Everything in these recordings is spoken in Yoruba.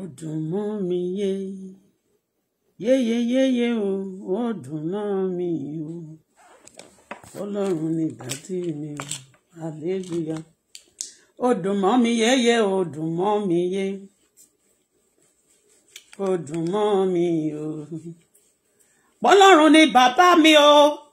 ó dùn mọ́ mi yé yéyeyéye o ó dùn mọ́ mi o ọlọ́run ni dádì mi o hallelujah ó dùn mọ́ mi yéye ó dùn mọ́ mi yé ó mi o ọlọ́run ni bàbá mi o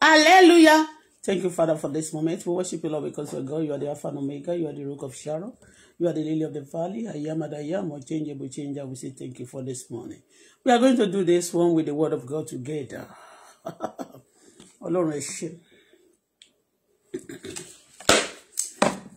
hallelujah thank you father for this moment we worship you lord because you are god you are the alpha and omega you are the rock of sharon. You are the lily of the valley. I am and I am, unchangeable changer. We say thank you for this morning. We are going to do this one with the word of God together. Alone ẹ ṣé.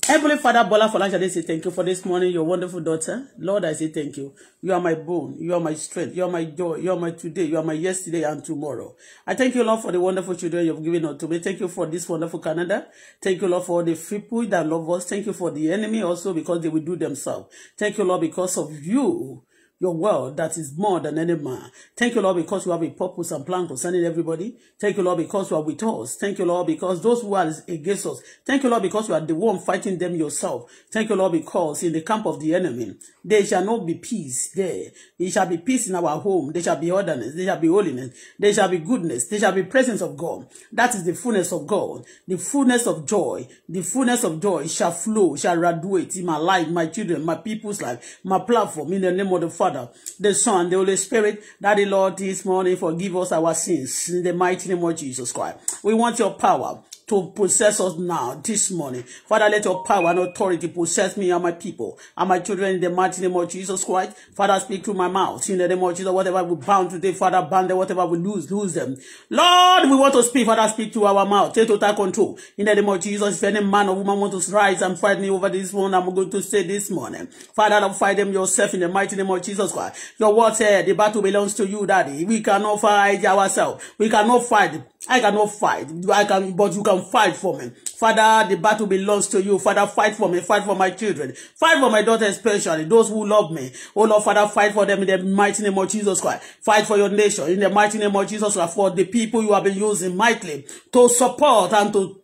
Heavenly Father, Bola Falange, I say thank you for this morning, your wonderful daughter. Lord, I say thank you. You are my bone. You are my strength. You are my joy. You are my today. You are my yesterday and tomorrow. I thank you, Lord, for the wonderful children you've given unto me. Thank you for this wonderful Canada. Thank you, Lord, for the people that love us. Thank you for the enemy also because they will do themselves. Thank you, Lord, because of you. your world that is more than any man. Thank you, Lord, because you have a purpose and plan concerning everybody. Thank you, Lord, because you are with us. Thank you, Lord, because those who are against us. Thank you, Lord, because you are the one fighting them yourself. Thank you, Lord, because in the camp of the enemy, there shall not be peace there. There shall be peace in our home. There shall be orderness. There shall be holiness. There shall be goodness. There shall be presence of God. That is the fullness of God. The fullness of joy. The fullness of joy shall flow, shall radiate in my life, my children, my people's life, my platform, in the name of the Father Father, the Son, the Holy Spirit. that the Lord, this morning forgive us our sins in the mighty name of Jesus Christ. We want your power to possess us now, this morning. Father, let your power and authority possess me and my people and my children in the mighty name of Jesus Christ. Father, speak through my mouth in the name of Jesus. Whatever we bound today, Father, bound them. Whatever we lose, lose them. Lord, we want to speak. Father, speak through our mouth. Take total control in the name of Jesus. If any man or woman wants to rise and fight me over this one, I'm going to say this morning. Father, don't fight them yourself in the mighty name of Jesus Christ. Your word said the battle belongs to you, Daddy. We cannot fight ourselves. We cannot fight I cannot fight. I can, but you can fight for me. Father, the battle belongs to you. Father, fight for me. Fight for my children. Fight for my daughter, especially those who love me. Oh Lord, Father, fight for them in the mighty name of Jesus Christ. Fight for your nation in the mighty name of Jesus Christ. For the people you have been using mightily to support and to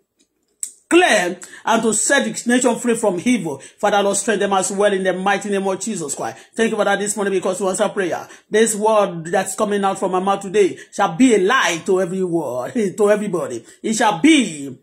clear and to set the nation free from evil. Father, Lord, strengthen them as well in the mighty name of Jesus Christ. Thank you Father, this morning because you answer prayer. This word that's coming out from my mouth today shall be a light to every word, to everybody. It shall be,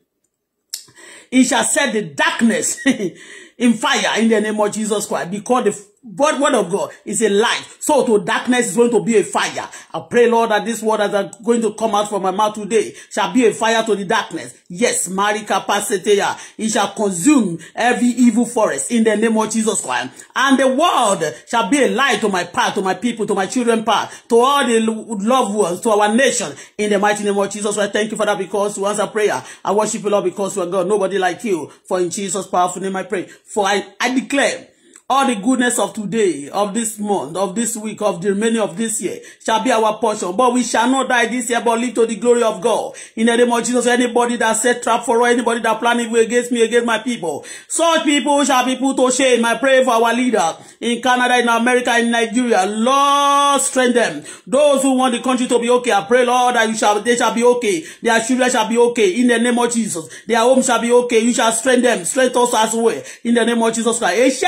it shall set the darkness in fire in the name of Jesus Christ because the God, word of God is a light. So to darkness is going to be a fire. I pray, Lord, that this word that's going to come out from my mouth today shall be a fire to the darkness. Yes, Marika Paseteya. It shall consume every evil forest in the name of Jesus Christ. And the world shall be a light to my path, to my people, to my children path, to all the loved ones, to our nation. In the mighty name of Jesus Christ. Thank you, Father, because you answer prayer. I worship you, Lord, because you are God. Nobody like you. For in Jesus' powerful name I pray. For I, I declare All the goodness of today, of this month, of this week, of the remaining of this year shall be our portion. But we shall not die this year, but live to the glory of God. In the name of Jesus, anybody that set trap for anybody that plan evil against me, against my people, such people shall be put to shame. I pray for our leader in Canada, in America, in Nigeria. Lord, strengthen them. Those who want the country to be okay, I pray, Lord, that you shall, they shall be okay. Their children shall be okay. In the name of Jesus, their home shall be okay. You shall strengthen them. Strengthen us as well. In the name of Jesus Christ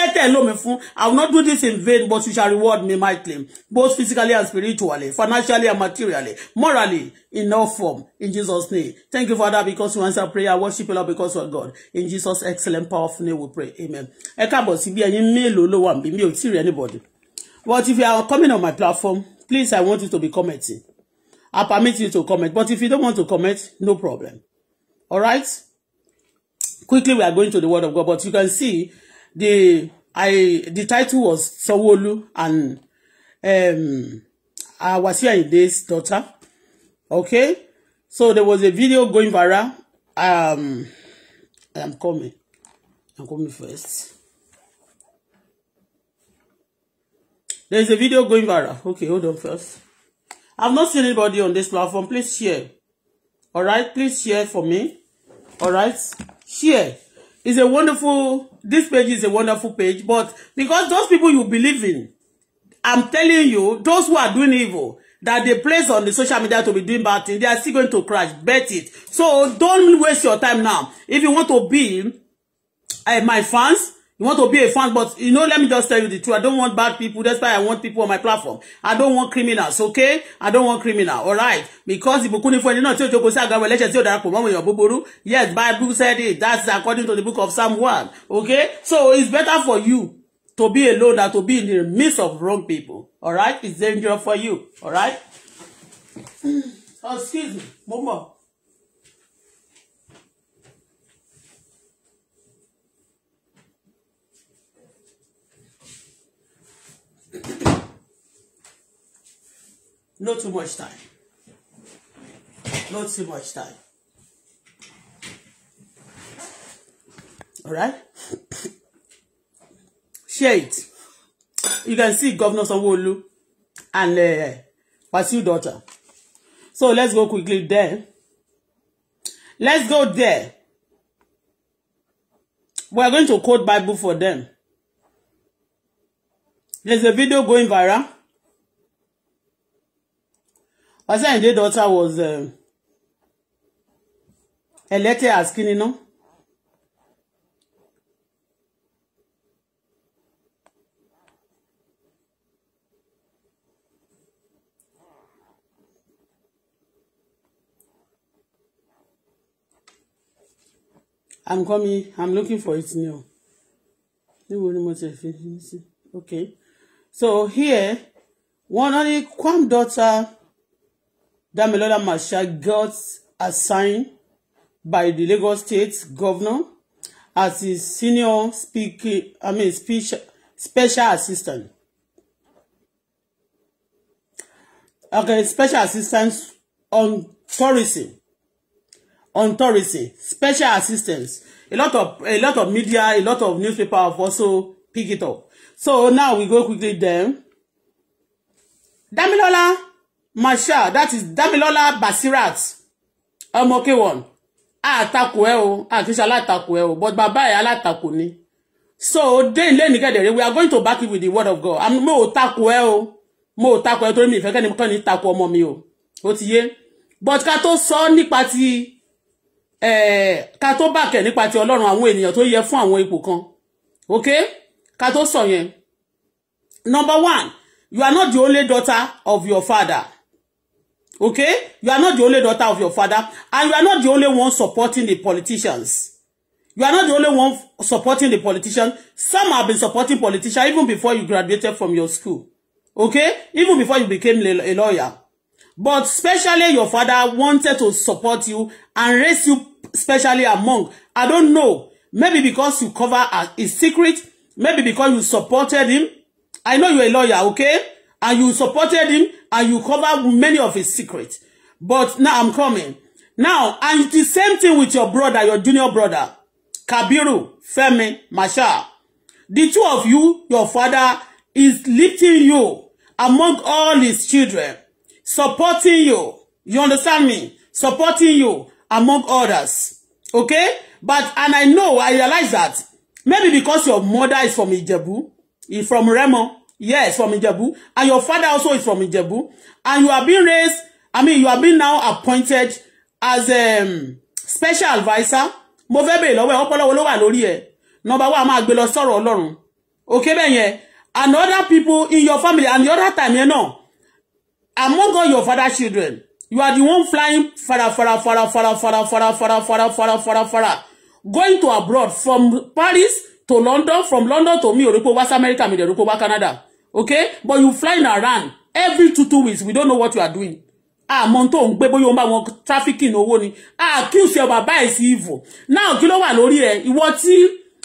mi fún I will not do this in vain but you shall reward me mightily both physically and spiritually financially and materially morally in all form in Jesus name thank you Father because you answer prayer worship you Lord because you are God in Jesus excellent powerful name we pray amen ẹ káàbọ̀ síbi ẹ̀yin mélòó ló wà níbi mi ò tí ì rí anybody but if you are coming on my platform please I want you to be commenting I permit you to comment but if you don't want to comment no problem all right quickly we are going to the word of God but you can see the I the title was Sanwo-Olu and um Wasiu Ayinde's daughter. Okay, so there was a video going viral. Um, I'm coming. I'm coming first. There's a video going viral. Okay, hold on first. I've not seen anybody on this platform. Please share. All right, please share for me. All right, share it's a wonderful, this page is a wonderful page, but because those people you believe in, I'm telling you, those who are doing evil, that they place on the social media to be doing bad things, they are still going to crash. Bet it. So don't waste your time now. If you want to be uh, my fans, You want to be a fan, but you know, let me just tell you the truth. I don't want bad people. That's why I want people on my platform. I don't want criminals, okay? I don't want criminal, all right? Because ìbùkún ni fún ẹni you, tí ó jókòó sí àga ìwé ẹlẹ́ṣẹ̀ with ó darapọ̀ mọ́ èèyàn Yes, Bible said it. That's according to the book of Psalm 1, okay? So it's better for you to be alone than to be in the midst of wrong people, all right? It's dangerous for you, all right? Oh, excuse me, Momo. Not too much time. Not too much time. All right? Share it. You can see Governor sanwo and uh, Wasiu daughter. So let's go quickly there. Let's go there. We are going to quote Bible for them. There's a video going viral. Asayinde daughter was uh, um, elected as Kinino. I'm coming. I'm looking for it now. Okay. So here, one only Kwam daughter Damilola Marshal got assigned by the Lagos State Governor as his senior speaker, I mean, speech, special assistant. Okay, special assistant on tourism. On tourism, special assistance. A lot of a lot of media, a lot of newspaper have also picked it up. So now we go quickly then. Damilola Masha that is Damilola Basirat ọmọ K1 àtakò ẹ o àkíṣe alátakò ẹ o but bàbá ẹ alátakò ni so me get there. we are going to back it with the word of God I'm more takò ẹ o mo ò takò ẹ torí mi ìfẹ́ kẹ́ni kọ́ni takò ọmọ mi o but kato tó ni party. Eh kato tó ni party. ti Ọlọ́run àwọn ènìyàn tó yẹ fún àwọn ipò kan ok ká tó sọ number one you are not the only daughter of your father Okay? You are not the only daughter of your father, and you are not the only one supporting the politicians. You are not the only one supporting the politician. Some have been supporting politician even before you graduated from your school. Okay? Even before you became a lawyer. But especially your father wanted to support you and raise you especially among. I don't know. Maybe because you cover a secret. Maybe because you supported him. I know you're a lawyer, okay? And you supported him and you cover many of his secrets. But now I'm coming. Now, and the same thing with your brother, your junior brother, Kabiru, Femi, Masha. The two of you, your father is lifting you among all his children, supporting you. You understand me? Supporting you among others. Okay? But, and I know, I realize that maybe because your mother is from Ijebu, from Remo, Yes, from Ijebu. And your father also is from Ijebu. And you are being raised, I mean, you are being now appointed as a um, special advisor. Mo fẹ́ bèèrè lọ́wọ́ ẹ̀ ọpọlọwọ ló wà lórí ẹ̀. Nọmba wa máa gbé lọ sọ̀rọ̀ Okay bẹ́ẹ̀ yẹn. And other people in your family and the other time you know, Among all your father's children, you are the one flying fara fara fara fara fara fara fara fara fara fara fara going to abroad from Paris to London from London to me. ò rí pé America me dẹ̀ Canada okay but you flying around every two two weeks we don't know what you are doing àmọ́ tó ń gbé bóyá ó ń bá wọn trafficking owó ni accuse ẹ bàbá ẹ̀ sí evil now kí ló wà lórí ẹ ìwọ tí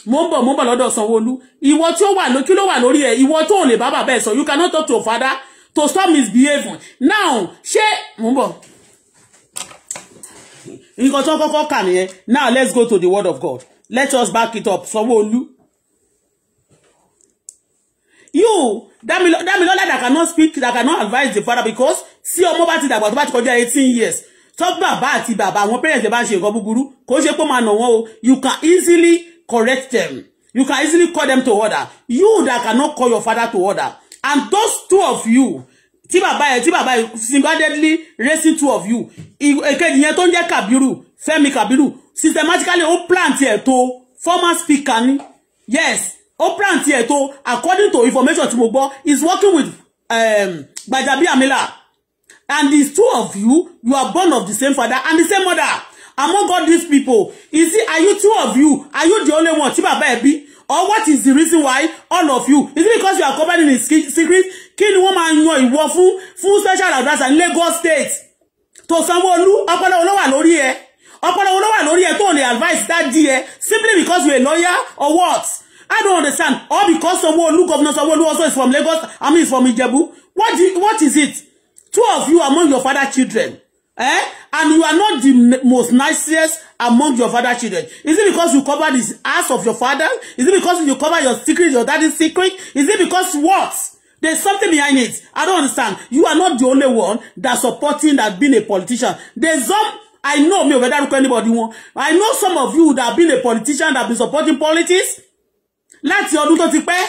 mo ń bọ̀ mo ń bọ̀ lọ́dọ̀ Sanwó-Olú ìwọ tí ó wà lórí kí ló wà lórí ẹ ìwọ tó lè bá bàbá ẹ̀ sọ you cannot talk to your father to stop misbehaving now ṣé mo ń bọ̀ nǹkan tó kọ́kọ́ kà nìyẹn now let's go to the word of God let us back it up Sanwó-Olú you Damilola that cannot speak that cannot advise the father because tí ọmọ bá ti dàgbà tó bá ti kọjá eighteen years tó bàbá àti bàbá àwọn parents bá ṣe nǹkan búburú kò ṣe pé máa nà wọ́n o you can easily correct them you can easily call them to order you that cannot call your father to order and those two of you tí bàbá yẹn tí bàbá yẹn single raising two of you èkejì yẹn tó ń jẹ́ Kabiru Fẹ́mi Kabiru systematically ó plant ẹ̀ tó former speaker ni yes Oprah àti ẹ̀tọ́ according to information tí mo gbọ́ is working with um, Gbajabi Amila and these two of you you are born of the same father and the same mother among all these people is it are you two of you are you the only one tí bàbá ẹ bí or what is the reason why all of you is it because you are covering in secret kí ni wọ́n máa yan ìwọ fún fún special adviser ní Lagos state tó Sanwó-Olú ọpọlọ olówà lórí ẹ ọpọlọ olówà lórí ẹ tó lè advice dá di ẹ simply because you a lawyer or what I don't understand. All because Sanwo-Olu, Governor Sanwo-Olu also is from Lagos. I mean, from Ijebu. What, do, what is it? Two of you among your father children. Eh? And you are not the most nicest among your father children. Is it because you cover the ass of your father? Is it because you cover your secret, your daddy's secret? Is it because what? There's something behind it. I don't understand. You are not the only one that supporting that being a politician. There's some I know me over there anybody want. I know some of you that have been a politician that have been supporting politics láti ọdún tó ti pẹ́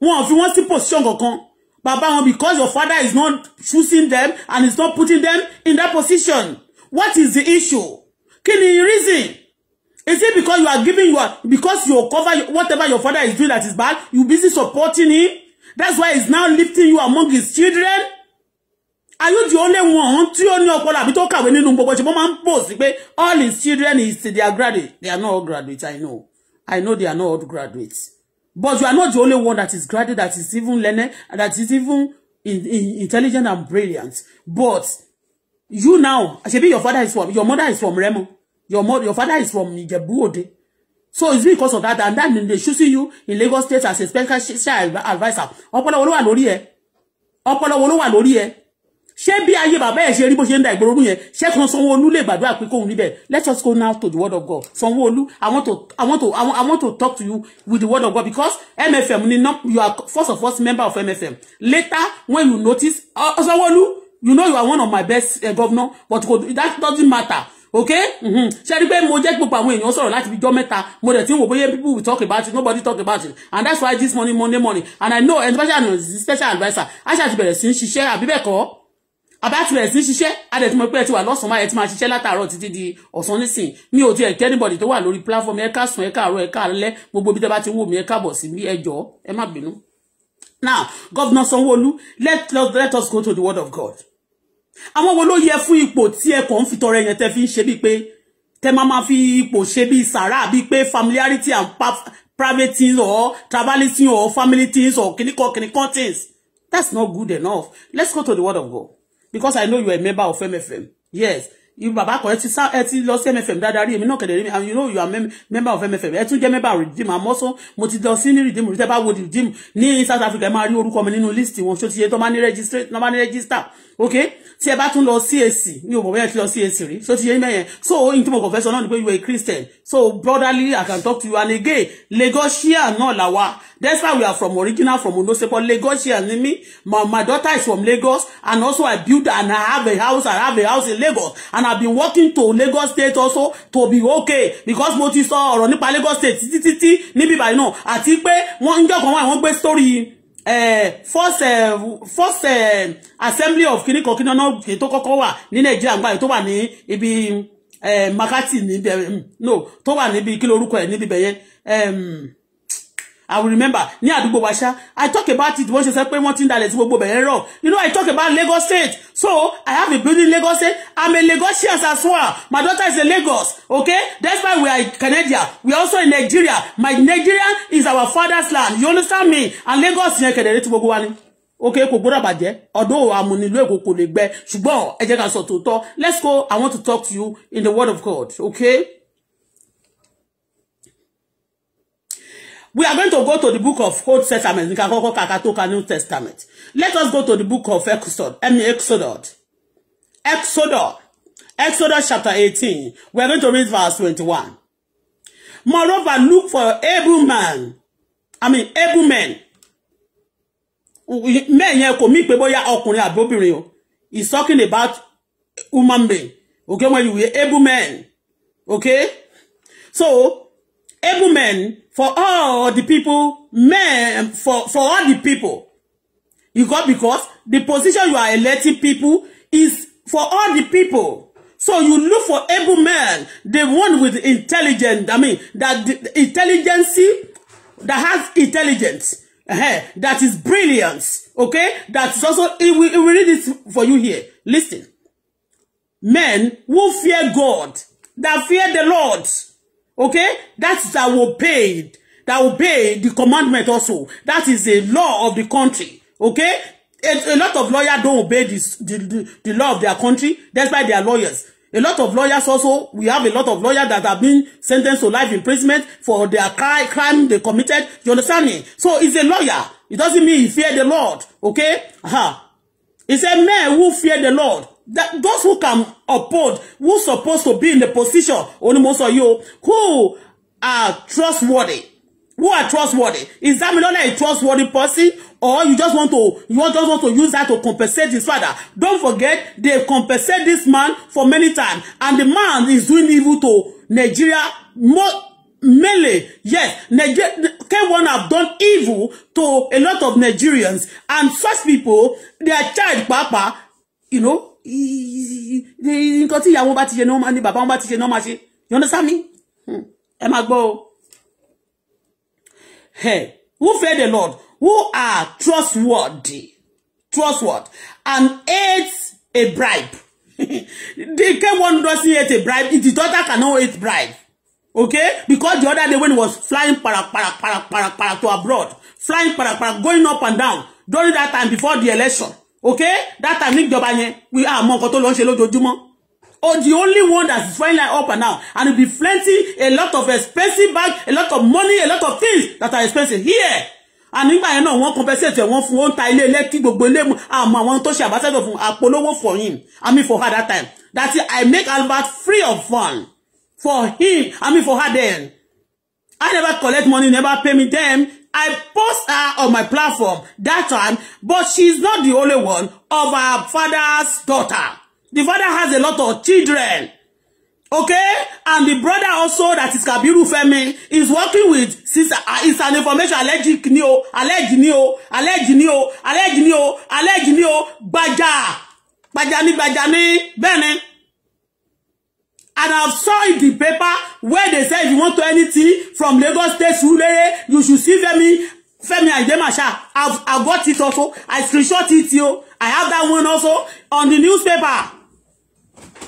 wọn ò fi wọ́n sí position kankan bàbá wọn because your father is not choosing them and is not putting them in that position what is the issue kí ni reason is it because you are giving your because you cover your, whatever your father is doing that is bad you busy supporting him that's why he's now lifting you among his children are you the only one tí ó ní ọpọlọ àbí tó kàwé nínú gbogbo ṣe bó máa ń pò sí pé all his children is they are graduate they are not all graduates i know i know they are not all graduates But you are not the only one that is graduate, that is even learning, that is even in, in, intelligent and brilliant. But you now, Shebi, your father is from, your mother is from Remo. Your mother, your father is from ijebu So it's because of that, and then they choosing you in Lagos State as a special advisor. Ọpọlọ wo ló wà lórí ẹ. Ọpọlọ wo ló wà lórí ẹ ṣé bí ayé bàbá ẹ̀ ṣe rí bó ṣe ń da ìgboro yẹn ṣé kan sanwó lè gbàdúrà pé kóun níbẹ̀ let us go now to the word of God sanwó i want to i want to i want to talk to you with the word of God because mfm ni not you are first of all member of mfm later when you notice uh, sanwó-olú you know you are one of my best uh, governor but that doesn't matter okay mm-hmm. ṣe rí pé mo jẹ́ gbogbo àwọn èèyàn sọ̀rọ̀ láti bíjọ́ mẹ́ta mo dẹ̀ tí ń wò bóyá people will talk about it nobody talk about it and that's why this morning monday morning and i know especially especially adviser aṣáájú bẹ̀rẹ̀ sí ń ṣiṣẹ́ àbí bẹ́ẹ̀ kọ́ àbátúrẹ̀ sí ṣiṣẹ́ adẹ̀tí mo pé ẹ ti wà lọ́sàn-án máa ẹ ti máa ṣiṣẹ́ látàárọ̀ títí di ọ̀sán nísìn mi ò ti ẹ̀ kẹ́nìbọ̀dì tó wà lórí pláfọ́ọ̀mù ẹ káàsùn ẹ káàárọ̀ ẹ káàlẹ́ gbogbo bí tẹ́bá ti wò mí ẹ káàbọ̀ sí mi ẹ jọ̀ọ́ ẹ má bínú. now governor sanwóolu let, let, let us go to the word of god. àwọn wo ló Ye fún ipò tí ẹ kàn ń fi tọrẹ yẹn tẹ fi ń ṣe bíi pé tẹ máa fi ipò ṣe bíi sàrà bíi pé familiarity and private things or traveling things or family things or kìnnìkan kìnnìkan things that's not good enough let's go to the word of god because I know you're a member of MFM. Yes irú Baba kan ẹ ti sá ẹ ti lọ sí mfm dáadáa rí èmi náà kẹ̀dẹ̀ rí mi and you know you are member of mfm ẹ tún jẹ́ member of redeem àmọ́ also mo ti lọ sí ní redeem rí tẹ́ bá wo redeem ní south africa ẹ máa rí orúkọ mi nínú list wọn ṣó ti yẹ tó máa ní register ok tí ẹ bá tún lọ sí èsì mi ò mọ̀ bẹ́ẹ̀ ti lọ sí èsì rí ṣó ti yẹ mẹ́yẹn so in tí mo confess náà ni pé you are a christian so brotherly i can talk to you and again lagosian náà là wá that's why we are from original from ondo sepo lagosian ni mi my, my daughter is from lagos and also i build and i have a house i have a house in lagos and and I've been working to Lagos state also to be okay because mo ti sọ ọ̀rọ̀ nípa Lagos state títí títí níbi báyìí náà àti pé wọ́n ń jọ̀kan wọ́n gbé story eh, first eh, first eh, assembly of kìnnìkan kìnnìkan náà tó kọ́kọ́ wà ní Nàìjíríà gbáyìí tó wà ní ibi Makati níbi no tó wà níbi kí lorúkọ ẹ̀ níbi bẹ̀yẹn. I will remember ní àdúgbò wa I talk about it once you sọ pé wọ́n ti ń dalẹ̀ sí gbogbo bẹ̀rẹ̀ rọ̀ you know I talk about Lagos state so I have a building in Lagos state I'm a Lagosian as well my daughter is a Lagos okay that's why we are Canadian we are also in Nigeria my Nigeria is our father's land you understand me and Lagos yẹn kẹ̀dẹ̀rẹ́ ti gbogbo wa ni okay kò gbọ́dọ̀ bàjẹ́ ọdún àmúnilú èkó kò lè gbẹ ṣùgbọ́n ẹ jẹ́ ká sọ tòótọ́ let's go I want to talk to you in the word of God okay. We are going to go to the book of Old Testament. Ká kọ́kọ́ ka ká tó ka New Testament. Let us go to the book of Exodus. I mean Exodus. Exodus. Exodus chapter 18. We are going to read verse 21. Moreover, look for able man. I mean able men. Men yẹn kò mí pé bóyá ọkùnrin àbí obìnrin o. He's talking about human being. Okay, when you hear able men. Okay? So, able men for all the people, men um, for, for all the people. You got because the position you are electing people is for all the people. So you look for able men, the one with intelligence, I mean, that the intelligence that has intelligence, uh-huh, that is brilliance, okay? That's also, it will, it will read this for you here. Listen. Men who fear God, that fear the Lord. Okay? That is that will pay. That will pay the commandment also. That is a law of the country. Okay? A, a lot of lawyers don't obey this, the, the, the law of their country. That's why they are lawyers. A lot of lawyers also, we have a lot of lawyers that have been sentenced to life imprisonment for their cri crime they committed. You understand me? So it's a lawyer. It doesn't mean he fear the Lord. Okay? Uh-huh. He said, men who fear the Lord that those who can uphold who supposed to be in the position only most of you who are trustworthy who are trustworthy is that not a trustworthy person or you just want to you just want to use that to compensate his father don't forget they compensate this man for many times and the man is doing evil to Nigeria more mainly yes Nigeria K1 have done evil to a lot of Nigerians and such people their child papa you know nǹkan tí ìyàwó bá ti ṣe ní wọ́n máa ní bàbá wọn ti ṣe ní wọ́n máa you understand me hmm. ẹ máa gbọ́ Hey, who fear the Lord who are trustworthy trustworthy and hates a bribe They came one doesn't hate a bribe the daughter cannot hate bribe okay because the other day when he was flying para para para para para to abroad flying para para going up and down during that time before the election okay that time níjọba yẹn we are mọ nǹkan tó lọ ń ṣe oh the only one that is finally like up and down and be plenty a lot of expensive bag a lot of money a lot of things that are expensive here and nígbà yẹn náà wọ́n compensate wọ́n fún wọn ta ilé ilé kí gbogbo ilé mu àmọ́ àwọn tó ṣe àbáṣẹ́dọ̀ fún àpolówó for him i mean for her that time that i make Albert free of fun for him i mean for her then i never collect money never pay me them I post her on my platform that time, but she's not the only one of her father's daughter. The father has a lot of children. Okay? And the brother also that is Kabiru Femi is working with sister. Uh, it's an information alleged ni alleged ni alleged ni alleged ni alleged ni Baja, bajani, bajani, ni And I've saw in the paper where they say if you want to anything from Lagos State Surulere, you should see Femi, Femi Ademasha. I've, I've got it also. I screenshot it you. I have that one also on the newspaper.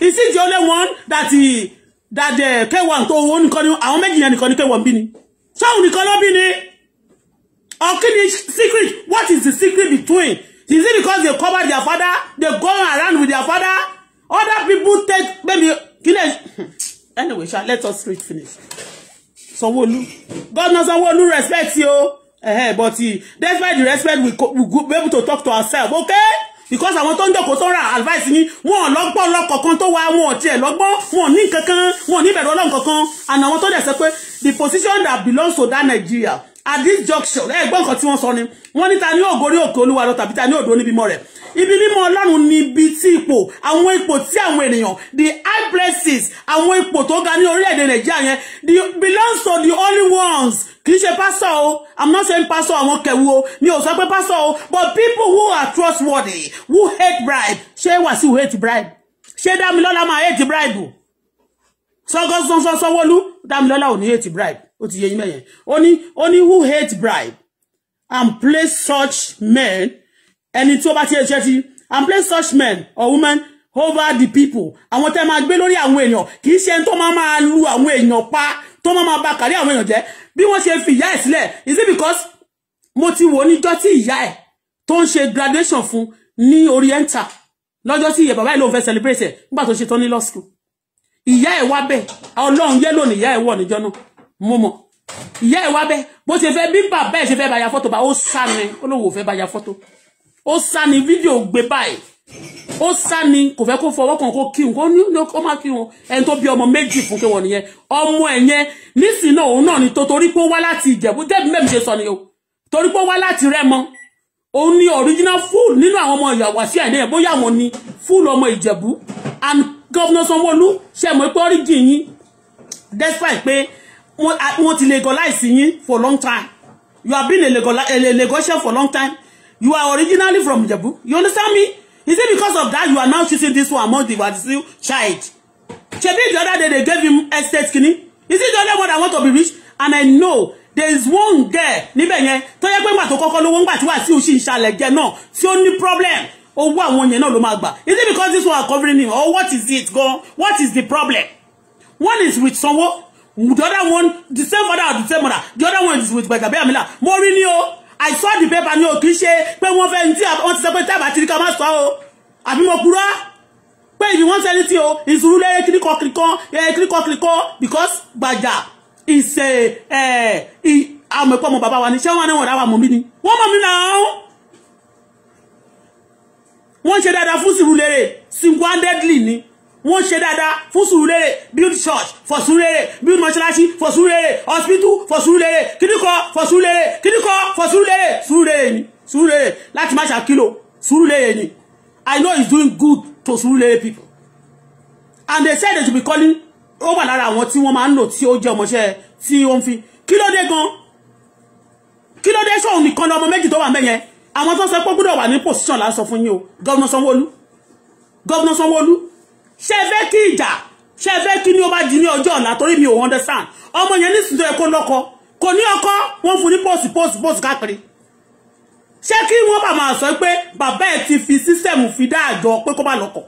Is it the only one that the that the K1 tó owó nìkan ni àwọn méjì yẹn nìkan ni K1 bí ni? Ṣáwọn nìkan ló bí ni? Or secret? What is the secret between? Is it because they covered their father? They go around with their anyway ṣá let us read finish sanwóolu governor sanwóolu respects you uh-huh, but despite the respect we, we be able to talk to ourselves okay because I want àwọn tó ń jókòó tó ra advice ni wọn lọ́gbọ́n lọ́kọ̀ọ̀kan tó wá wọn tiẹ̀ lọ́gbọ́n wọn ní kankan wọn ní ìbẹ̀rù ọlọ́run kankan and àwọn tó dẹ̀ sọ pé the position that belongs to that Nigeria at this junction ẹgbọ́n kan tí wọ́n sọ ni wọ́n ní ta ní ògorí òkè olúwa lọ tàbí ta ní òdo níbi mọ́ rẹ̀ ibi mímọ́ ọlọ́run ni tí ipò àwọn ipò tí àwọn ènìyàn the high places àwọn ipò tó ga ní orílẹ̀-èdè nàìjíríà yẹn the belongs to the only ones kì í ṣe pásọ o i'm not saying pásọ àwọn kẹwu o mi ò sọ pé pásọ o but people who are trustworthy who hate bribe ṣé wàsíù hate bribe ṣé dámilọ́lá máa hate bribe o sọ́gọ́sọ́sọ́wọ́lú dámilọ́lá ò ní hate bribe ó ti yẹ yín mẹ́yẹn ó ní ó ní who hate bribe and place such men ẹni tí ó bá ti ẹ̀ ṣẹ́ ti and place such men or women over the people àwọn tẹ́ máa gbé lórí àwọn èèyàn kì í ṣe tó máa máa lu àwọn èèyàn pa tó máa máa ba kàrí àwọn èèyàn jẹ́ bí wọ́n ṣe fi ìyá ẹ̀ sílẹ̀ is it because mo ti wò níjọ́ tí ìyá ẹ̀ tó ń ṣe graduation fún ní oriental lọ́jọ́ tí ìyẹ̀ bàbá ẹ̀ ló celebrate ẹ̀ nígbà tó ṣe tán ní law school ìyá ẹ̀ wá bẹ́ẹ̀ ọlọ́run yẹ́lò ní ìyá ẹ̀ wọ̀ níjọ́ náà mo mọ̀ ìyá ẹ̀ wá bẹ́ẹ̀ bó ṣe fẹ́ bí bàbá ẹ̀ ṣe fẹ́ bá ya fọ́tò bá ó sá ni olówó fẹ́ bá ya fọ́tò ó sá ni fídíò gbé báyìí ó sá ni kò fẹ́ kó fọwọ́ kan kó kí wọn kó má kí wọn ẹni tó bí ọmọ méjì fún kéwọn nìyẹn ọmọ ẹ̀ yẹn nísìnyí náà òun náà ni tó torí pé ó wá láti ìjẹ̀bú débi mẹ́mi ṣe sọ ni o torí pé ó wá láti rẹ́mọ òun ni original full nínú àwọn ọmọ ìyàwó àti àìní ẹ̀ bóyá àwọn ni full ọmọ ìjẹ̀bú and governor sanwó-olu ṣe mọ̀ pé origin yín despite pé wọ́n ti legalize yín for long time you have been a, legal, a negotiator for long time you are originally from Jebu. you understand me is it because of that you are now choosing this one among the Wasiu child shebi the other day they gave him estate kini is it the only one I want to be rich and I know there is one girl níbẹ̀ yẹn tó yẹ pé ńgbà tó kọ́kọ́ lówó ńgbà tí Wasiu sì ń ṣàlẹ̀ jẹ náà tí ó ní problem owó àwọn yẹn náà ló máa gbà is it because this one are covering him or what is it gan what is the problem one is with sanwó the other one the same father or the same mother the other one is with gbàgbé àmìlà mo rí ni o I saw the paper ni o kì í ṣe pé wọ́n fẹ́ tí wọ́n ti sọ pé tábà tí ká má sọ o àbí mo kúrò pé if you want anything o ìṣúrú lẹ́yẹ eh, kíríkọ kíríkọ lẹ́yẹ eh, kíríkọ kíríkọ because gbàjà ìṣe eh, ẹ̀ àmọ̀ ẹ̀pọ̀ ọmọ bàbá wa ni ṣé wọ́n ní wọ́n dáwà mọ̀ mí ni wọ́n mọ̀ mí náà wọ́n ṣe dáadáa fún sìrúlẹ̀rẹ̀ single-handedly ni wọ́n ṣe dáadáa fún Sùúrùlérè build church for Sùúrùlérè build mọ́ṣáláṣí for Sùúrùlérè hospital for Sùúrùlérè kíníkọ for Sùúrùlérè kíníkọ for Sùúrùlérè Sùúrùlérè ni Sùúrùlérè láti má ṣàkìlò Sùúrùlérè ni I know he's doing good to Sùúrùlérè people and they said they should be calling ó wà lára àwọn tí wọ́n máa ń lò tí ó jẹ́ ọmọṣẹ́ tí ó ń fi kí ló dé gan kí ló dé sóun nìkan lọmọ méjì tó wà mẹ́yẹn àwọn tó sọ pé gbọ́dọ̀ wà ní pòsíṣàn láti sọ fún yín o gọ́vnà Sanwó-Olú gọ́vnà ṣe fẹ́ kí ìjà ṣe fẹ́ kí ni ó bá di ní ọjọ́ ọ̀la torí mi ò understand ọmọ yẹn ní ìsìndó ẹ̀kọ́ lọ́kọ kò ní ọkọ wọ́n fún ní pọ́ọ̀sì pọ́ọ̀sì pọ́ọ̀sì káàkiri ṣé kí wọ́n bá máa sọ pé bàbá ẹ̀ ti fi sísẹ̀mù fi dá àjọ pé kó má lọ́kọ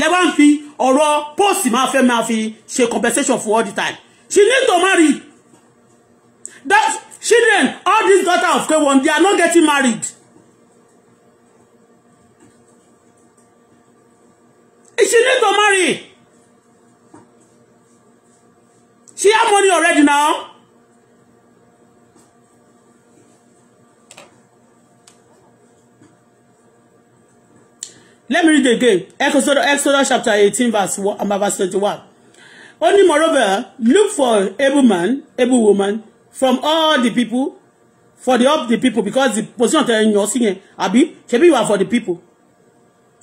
lẹ́wọ́n ń fi ọ̀rọ̀ pọ́ọ̀sì máa fẹ́ máa fi ṣe compensation for all the time she need to marry that children all these daughters of k they are not getting married She have money already now. Let me read again. Exodus, Exodus chapter 18, verse 1, um, verse 21. Only moreover, look for able man, able woman from all the people, for the of the people, because the position of your singing, Abi, maybe you are for the people.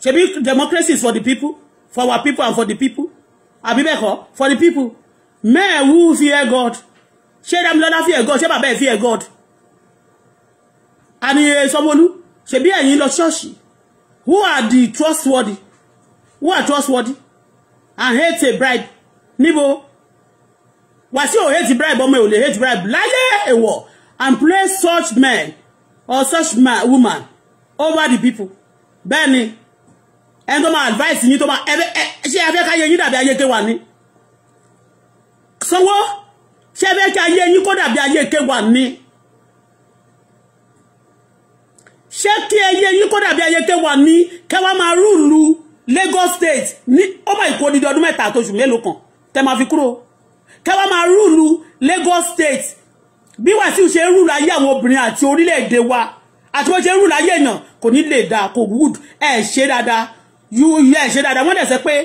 Maybe democracy is for the people, for our people and for the people. Abi, Beko, for the people men who fear God them Dámilọ́lá fear God ṣé bàbá ẹ̀ fear God And someone who sanwó be a in the ṣọ́ọ̀ṣì who are the trustworthy who are trustworthy and hate a bride, Nibo. bribe níbo Wàsíù hate bribe ọmọ ò lè hate bribe láyé èèwọ̀ and place such men or such man, woman over the people Benny. bẹ́ẹ̀ ni ẹni tó máa advice yín tó máa you afẹ́káyé yín dàbí ayé kéwà ni sanwó ṣe fẹ́ kí ayé yín kó dàbí ayé kéwà ni ṣé kí ayé yín kó dàbí ayé kéwà ni kẹwàá máa rúùlù Lagos State ní ó máa kó odidi ọdún mẹ́ta àtòṣù mélòó kan tẹ máa fi kúrò kẹwàá máa rúùlù Lagos State bí Wàsíù ṣe ń rúùlù ayé àwọn obìnrin àti orílẹ̀-èdè wa àti bó ṣe ń rúùlù ayé èèyàn kò ní lè dáa kò wood ẹ ṣe dáadáa yú ẹ ṣe dáadáa wọ́n dẹ̀ sẹ́ pé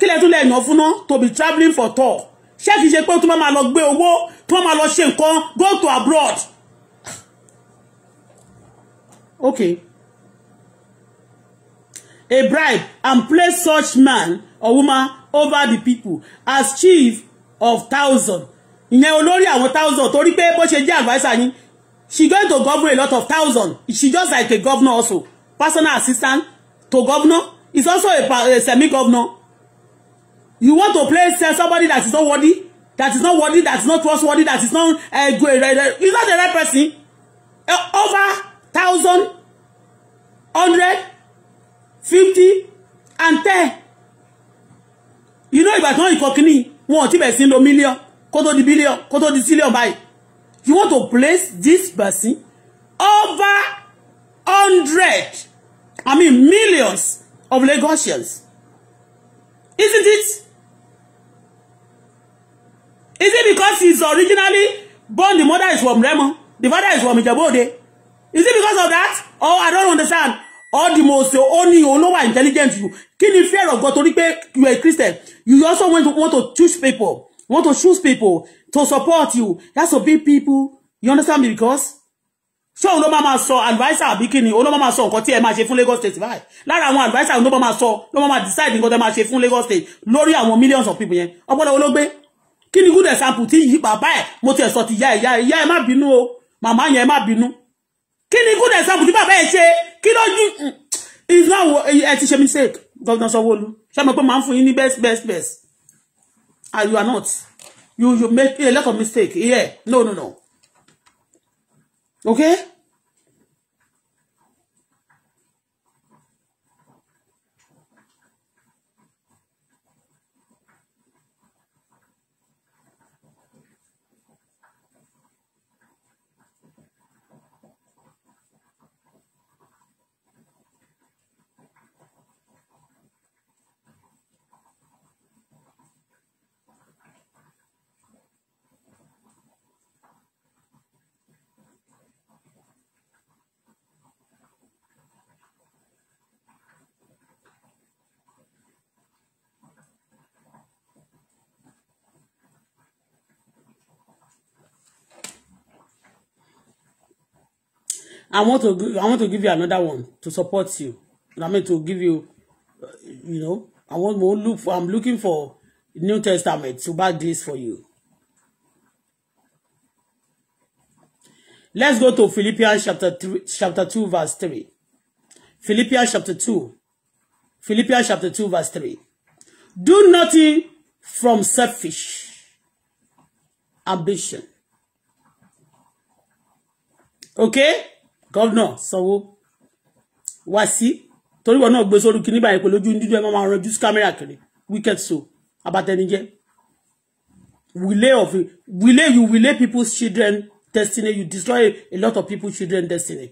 kílẹ̀ tún lẹ̀ yàn fún ná to be travelling for tour ṣé kìí ṣe pé ó tún máa lọ gbé owó tí wọ́n máa lọ ṣe nǹkan go to abroad. okay a bribe and place such man or woman over the people as chief of thousand ìyẹn olórí àwọn thousand torí pé bó ṣe jẹ́ adviser yín she going to govern a lot of thousand she just like a governor also personal assistant to governor is also a, a semi-governor You want to place uh, somebody that is not worthy, that is not worthy, that is not trustworthy, that is not uh, good. Uh, eh, he's eh, not the right person. Uh, over thousand, hundred, fifty, and ten. You know Ìbàdàn ìkọkíní cockney. ò tí bẹ̀rẹ̀ sí lo million kó the billion kó the di trillion báyìí. You want to place this person over hundred, I mean millions of Lagosians. Isn't it? Is it because he's originally born, the mother is from Remo, the father is from Ijebode? Is it because of that? oh, I don't understand. Or the most only you know why intelligent you. Kí ni fear of God to repay. you are a Christian. You also want to want to choose people, want to choose people to support you. That's to be people. You understand me because So òun ló máa máa sọ adviser àbí kíni òun ló máa máa sọ nǹkan tí ẹ máa ṣe fún Lagos State báyìí lára àwọn adviser òun ló máa máa sọ ló máa máa decide nǹkan tó máa ṣe fun Lagos State lórí àwọn millions of people yẹn ọpọlọ wo ló gbé kí ni good example tí yìí bàbá ẹ mo ti ẹsọ ti ya ẹ ya ẹ ya ẹ má bínú o màmá yẹn má bínú kí ni good example tí bàbá ẹ ṣe kí ló mm, is now. ẹ ti ṣe mistake Governor Sanwó-Olú ṣé mo pé máa ń fún yín best best best and ah, you are not you you make a lot of mistake here no no no Okay I want to I want to give you another one to support you. I mean to give you, uh, you know, I want more look. For, I'm looking for New Testament to back this for you. Let's go to Philippians chapter three, chapter two, verse three. Philippians chapter two, Philippians chapter two, verse three. Do nothing from selfish ambition. Okay? gọ́vnà sanwó wá sí torí wọn náà gbé sórí kí nígbà ìpè lójú dídú ẹ máa máa ranjú sí kámẹ́rà kiri wicked so abatẹnijẹ wilay of wilay you wilay people's children destiny you destroy a lot of people's children destiny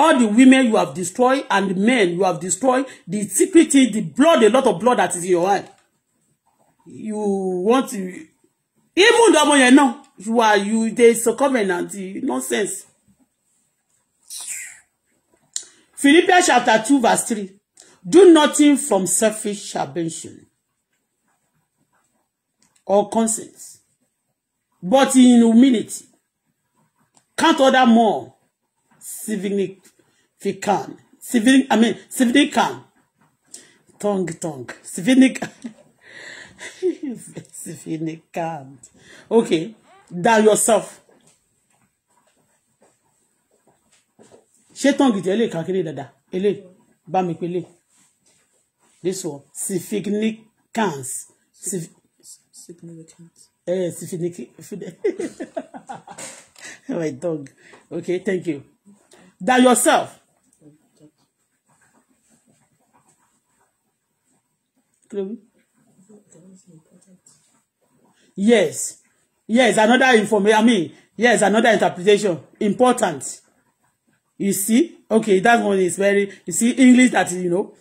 all the women you have destroyed and the men you have destroyed the secret the blood a lot of blood that is in your hand you want to even ọmọ yẹn náà you are you dey succumbing na the nonsense. Philippians chapter two verse three do nothing from selfish ambition or consent but in humility count other more significant significant I mean significant tongue tongue significant. significant. Okay, that yourself. ṣé tán gidi ẹ lè kàkiri dada ele bá mi pele this one significance significance eh significance my dog okay thank you that yourself Thank Yes. Yes, another information. I mean, yes, another interpretation. Important. You see? Okay, that one is very, you see, English that, you know.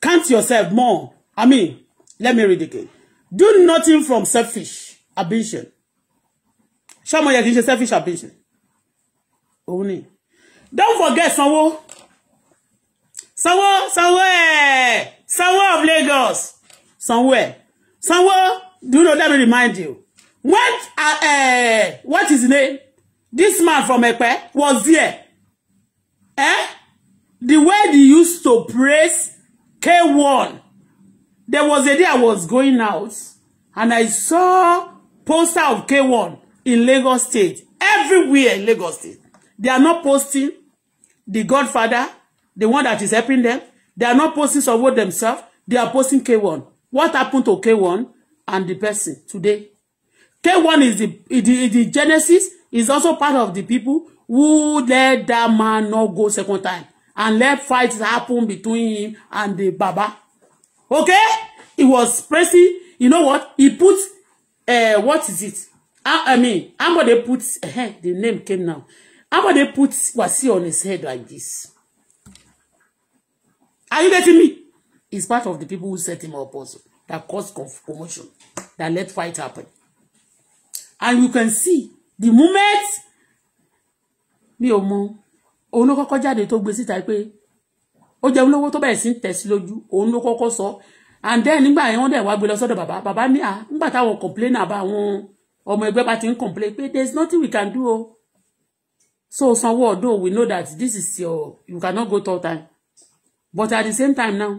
Count yourself more. I mean, let me read again. Do nothing from selfish ambition. Ṣọmọ yẹ kì í ṣe selfish ambition. Òun ni. Don't forget Sanwo. Sanwo, Sanwo ẹ̀! Eh, Sanwo of Lagos. Sanwo ẹ̀. Sanwo do you know let me remind you when uh, uh, what is his name this man from Epe was there eh the way they used to praise K1 there was a day I was going out and I saw poster of K1 in Lagos State everywhere in Lagos State they are not posting the Godfather the one that is helping them they are not posting some Sowore themselves they are posting K1 what happened to K1 and the person today. K1 is the, the, the genesis, is also part of the people who let that man not go second time and let fights happen between him and the Baba. Okay? He was pressing, you know what? He put, uh, what is it? I, I mean, Ambode put, uh, the name came now. Ambode put Wasi on his head like this. Are you getting me? He's part of the people who set him up also, that caused commotion that let fight happen. And you can see the moment mi ò mọ òun ló kọ́kọ́ jáde tó gbé síta pé ó jẹun lówó tó bẹ̀rẹ̀ sí ń tẹ̀ sí lójú òun and then nígbà yẹn wọ́n wa wá gbé sodo sọ́dọ̀ bàbá ni ah à nígbà táwọn complain about àwọn ọmọ ẹgbẹ́ bá ti complain pé there is nothing we can do o so Sanwó-Odò we know that this is your you cannot go third time but at the same time now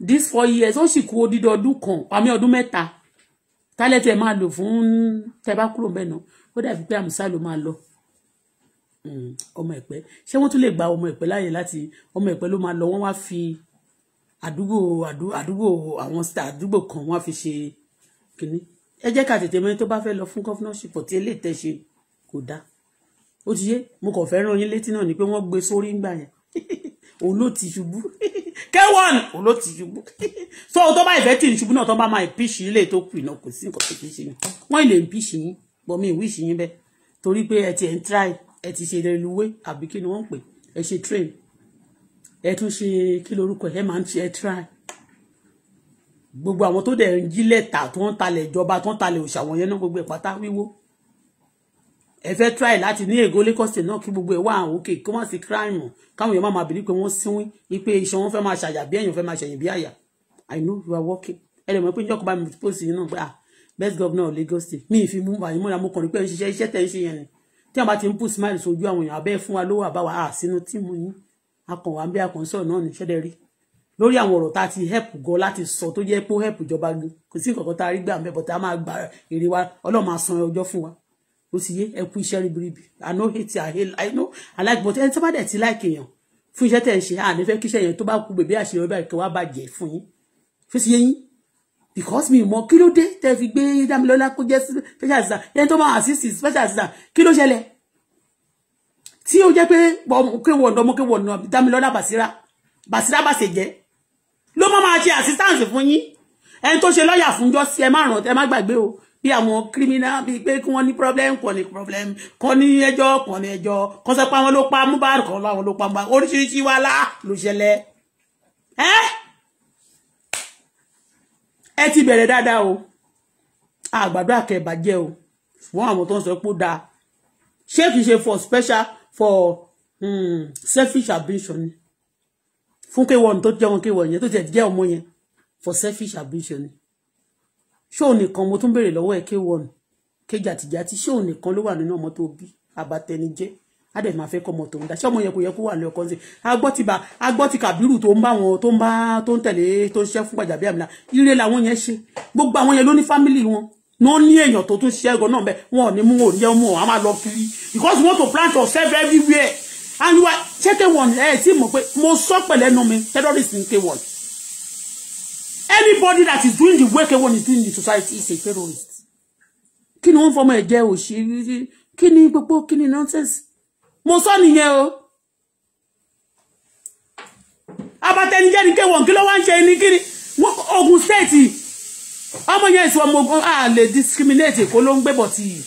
this four years ó sì kú odidi ọdún kan àmì ọdún meta tálẹ̀ tẹ máa lò fún tẹ bá kúrò bẹ́ẹ̀ náà ó dàbí pé àmúsá ló máa lọ hmm, ọmọ ẹ̀pẹ́ ṣé wọ́n tún lè gba ọmọ ẹ̀pẹ́ láàyè láti ọmọ ẹ̀pẹ́ ló máa lọ wọ́n wá fi àdúgbò àdúgbò àwọn àdúgbò kan wọ́n fi ṣe kínní ẹ jẹ́ ká tètè mẹ́rin tó bá fẹ́ lọ fún gọ́fúnọ́ṣìpọ̀ tí eléyìí tẹ́ ṣe kò dáa ó ti yé mo kàn fẹ́ rán yín létí náà ni pé wọ́n gbé sórí ńgbà yẹn òun ló ti ṣubú k1 òun ló ti ṣubú so tó bá ìfẹ́ tì ní ṣubú náà tó bá máa píṣì ilé tó kù iná kò sí nǹkan tó ti ṣe mi wọ́n ilé ń píṣì yín bọ̀ mi ìwíṣì yín bẹ́ẹ̀ torí pé ẹ ti ẹ̀ ń try ẹ ti ṣe reluwé àbí kí ni wọ́n ń pè ẹ ṣe train ẹ tún ṣe kí lorúkọ ẹ máa ń ṣe ẹ try gbogbo àwọn tó dẹ̀ ń jí lẹ́tà tó ń talẹ̀ ìjọba tó ń talẹ̀ òṣàwọ̀n yẹn náà gbogbo ẹ̀ pátá wíwó ẹ fẹ́ try láti ní ègò Lagos State náà kí gbogbo ẹ̀ wà òkè kí wọ́n sì crime káwọn èèyàn máa máa bìí pé wọ́n sínwín ní pé iṣan wọn fẹ́ máa ṣàyà bí èèyàn fẹ́ máa ṣẹ̀yìn bí àyà I know you are working ẹ lè mọ̀ pé njọ́kọ̀ bá mi post yìí náà pé ah best governor of Lagos State mi ìfi mú àyè múra mo kàn rí pé ń ṣiṣẹ́ iṣẹ́ tẹ̀ ń ṣe yẹn ni tí a bá ti ń put smile sójú àwọn èèyàn abẹ́ fún wa lówó àbáwá à sínú tíìmù yín akọ̀wà ń bí akọ̀ǹsọ̀ náà ní ṣẹ́dẹ̀ rí lórí àwọn ọ̀rọ̀ tá a ti help gan láti sọ tó jẹ́ pé ó help ìjọba gan kò sí nǹkan kan tá a rí gbà mẹ́bọ̀ tá a máa gba èrè wa ọlọ́run máa san ọjọ́ fún wa ó ti yé ribiribi i know hate i hate i know i like but ẹni tó bá dẹ̀ ti like èèyàn fún iṣẹ́ tẹ̀ ń ṣe àní fẹ́ kí iṣẹ́ yẹn tó bá kú bèbí àṣeyọrí báyìí kí wọ́n bá jẹ́ fún yín fi sí yín because mi mọ kí ló dé tẹ́ fi gbé dámilọ́lá kó jẹ́ special assistant ẹni tó máa assist special assistant kí ló ṣẹlẹ̀ tí ó jẹ́ pé kéwọ̀n ọ̀dọ́ ọmọkéwọ̀n ọ̀nà Basira, bàṣírà bàṣírà bàṣẹ̀jẹ́ ló máa máa ṣe assistance fún yín ẹni tó ṣe lọ́ọ̀yà fúnjọ́ sí ẹ má rántí ẹ má gbàgbé o bí àwọn criminal bíi pé kí wọ́n ní problem kàn ní problem kàn ní ẹjọ́ kàn ní ẹjọ́ kàn sọ pé àwọn ló pa Mohbad kàn láwọn ló pa Mohbad oríṣiríṣi wa lá ló ṣẹlẹ̀ ẹ́ ẹ ti bẹ̀rẹ̀ dáadáa o àgbàdo àkẹ́bàjẹ́ o ṣùgbọ́n àwọn tó ń sọ pé ó dáa ṣé kìí ṣe for special for um, selfish ambition ni fún kéwọ́n tó jẹ́ wọn kéwọ́n yẹn tó jẹ́ ọmọ yẹn for selfish ambition ni ṣóun nìkan mo tún béèrè lọ́wọ́ ẹ kéwọnù kéjàtìjàtì ṣóun nìkan ló wà nínú ọmọ tó bí abatẹnijẹ́ á dẹ̀ máa fẹ́ kọ́ ọmọ tòun dá ṣé ọmọ yẹn kò yẹ kó wà ní ọkọ ṣe agbọ́ ti bá agbọ́ ti kàbírù tó ń bá wọn tó ń bá tó ń tẹ̀lé tó ń ṣiṣẹ́ fún gbàjàbí àmìlà ire làwọn yẹn ṣe gbogbo àwọn yẹn ló ní fámìlì wọn ní ó ní èèyàn tó tún ṣiṣẹ́ gan náà bẹ́ẹ̀ wọn ò ní mú òun yẹ mú òun máa lọ kiri because you want to plant yourself everywhere and you are ṣé kéwọ̀n ẹ̀ tí mo pé mo sọ pẹ̀lẹ́nu mi terrorist ní kéwọ̀n anybody that is doing the work everyone is doing in the society is a terrorist Kini one former fọmọ ẹ̀ jẹ́ òṣèré kí gbogbo kí nonsense mo sọ nìyẹn o abatẹnijẹ́ ni kéwọ̀n kí ló wá ń ṣe ní kiri Ogun State ọmọ yẹn ìṣù ọmọ ogun a lè discriminate kó ló ń gbébọ̀ tì í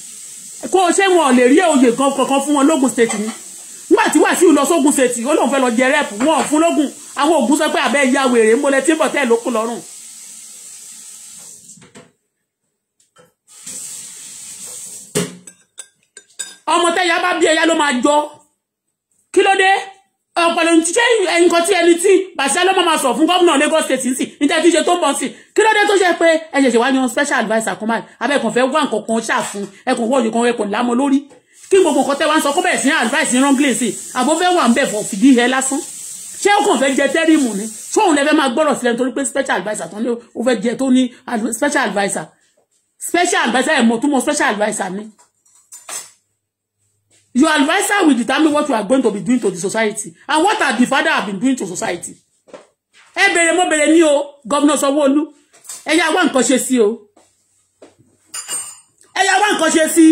kó o ṣe wọn ò lè rí oyè kankan fún wọn lógun state ni nígbà tí Wàsíù lọ sógun state ó lóun fẹ́ lọ jẹ rẹ́ẹ̀pù wọn ò àwọn ògùn sọ pé àbẹ́ ya wèrè ń bolẹ̀ tí ń bọ̀ tẹ́ lókun lọ́rùn. ọmọ tẹ́yà bá bí ẹyá ló máa jọ kí ló dé ọ̀pọ̀lọ̀ ṣe nǹkan tí ẹni tí bàṣẹ ló máa sọ fún gómìnà Lagos State sí níta tí ṣe tó ń bọ̀ sí kí ló dé tó ṣe pé ẹ ṣẹ̀ṣẹ̀ wá yan special adviser kan báyìí abẹ́ẹ̀kan fẹ́ wá nǹkan kan ṣàfún ẹkùn wọ́ọ̀dù kan ẹkùn lámọ lórí kí gbogbo nǹkan tẹ́ wá ń sọ kó bẹ̀rẹ̀ sí advice ní rọ́ngílẹ̀ sí àbó fẹ́ wà ń bẹ̀ fọ̀ fìdí ẹ lásán ṣé ó kàn fẹ́ jẹ tẹ́rìmù ni ṣé òun lè fẹ́ máa gbọ́rọ̀ sílẹ̀ nítorí pé special adviser tó ní ó fẹ́ jẹ tó ní special adviser special adviser ẹ̀ mọ̀ tó mọ̀ special adviser ni your adviser will determine what you are going to be doing to the society and what the father have been doing to society ẹ bèrè mo bèrè ní o gọ́vnà Sanwó-Olú ẹ yá wá nǹkan ṣe sí o ẹ yá wá nǹkan ṣe sí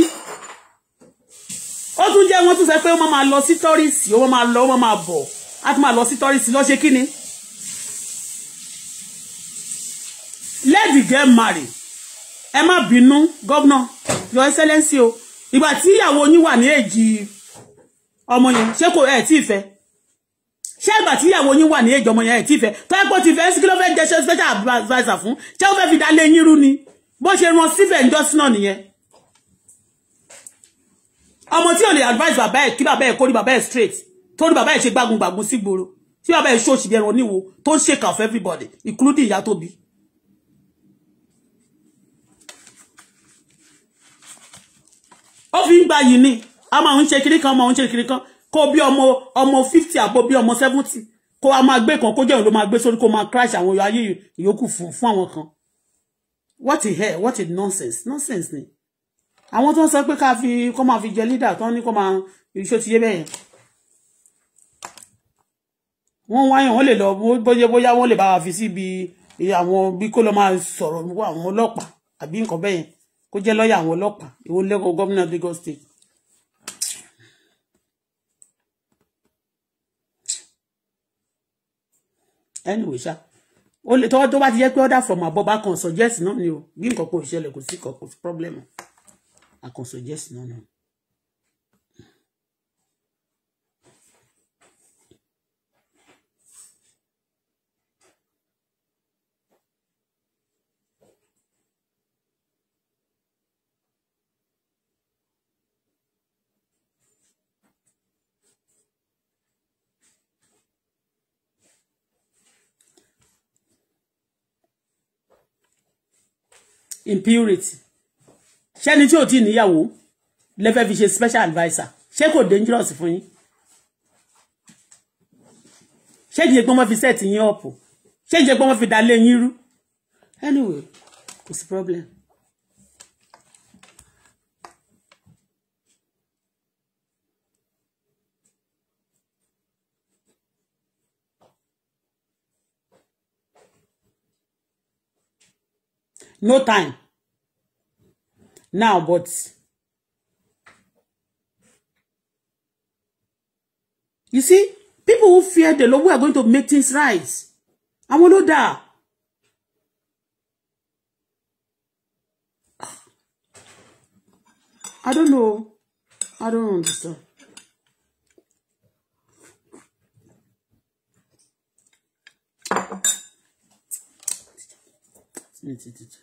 ó tún jẹ́ wọ́n tún sọ pé ó máa lọ sí tọ́rìsì ó máa lọ ó máa bọ̀ a tún máa lọ sí tọ́rìsì lọ ṣe kíni let the girl marry ẹ má bínú gọ́vnà your excellency o ìgbà tí ìyàwó yín wà ní èjì ọmọ yẹn ṣé kò ẹ̀ tí ì fẹ́ ṣé ìgbà tí ìyàwó yín wà ní èjì ọmọ yẹn ẹ̀ tí ì fẹ́ tọ́ ẹ̀pọ̀ ti fẹ́ sí kí ló fẹ́ jẹ́ ṣe special adviser fún ṣé ó fẹ́ fi dalé yín rú ni bó ṣe ran síbẹ̀ ń jọ́sí náà nìyẹn ọmọ tí ò lè advise bàbá ẹ̀ kí bàbá ẹ̀ kórìí bàbá ẹ̀ straight torí bàbá ẹ̀ ṣe gbágungbàgun sí gbòòrò tí bàbá ẹ̀ ṣòṣì bí ẹran oníwo tó ń ṣèkà fún everybody including to tóbi. ó fi ń gba yìí ni a máa ń ṣe kiri kan a máa ń ṣe kiri kan kó bí ọmọ ọmọ fifty àbó bí ọmọ seventy kó a máa gbé kan kó jẹ́ òun ló máa gbé sórí kó máa crash àwọn ayé ìyókù fún fún àwọn kan what the hell what a nonsense nonsense ni àwọn tó ń sọ pé ká fi kó máa fi jẹ leader tó ń ní kó máa ti yé bẹ́ẹ̀ wọ́n wáyàn wọ́n lè lọ bóyá bóyá wọ́n lè bá wa fi síbi àwọn bí kó lọ máa sọ̀rọ̀ àwọn ọlọ́pàá àbí nǹkan bẹ́ẹ̀ yẹn kó jẹ́ lọ́ọ̀yà àwọn ọlọ́pàá ìwọ lẹ́kọ̀ọ́ gómìnà Lagos state. anyway ṣá o lè tọ́wọ́ tó bá ti jẹ́ pé order from above akàn suggest náà ni o bí nǹkan kò ṣẹlẹ̀ kò sí kò problem akàn suggest náà ni o. impurity ṣẹ́ni tí ò tí níyàwó lẹ́fẹ́ fi ṣe special adviser ṣé kò dangerous fún yín ṣé kìí ṣe pé fi set yín up ṣé kìí ṣe pé fi dalé yín rú anyway kò problem. no time now but you see people who fear the Lord we are going to make things right àwọn ló dáa. I don't know. I don't understand. Thank you.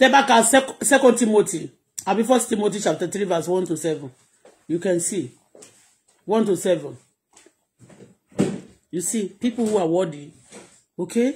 tẹ́ bá ka second Timothy àbí first Timothy chapter three verse one to seven you can see one to seven you see people who are worthy okay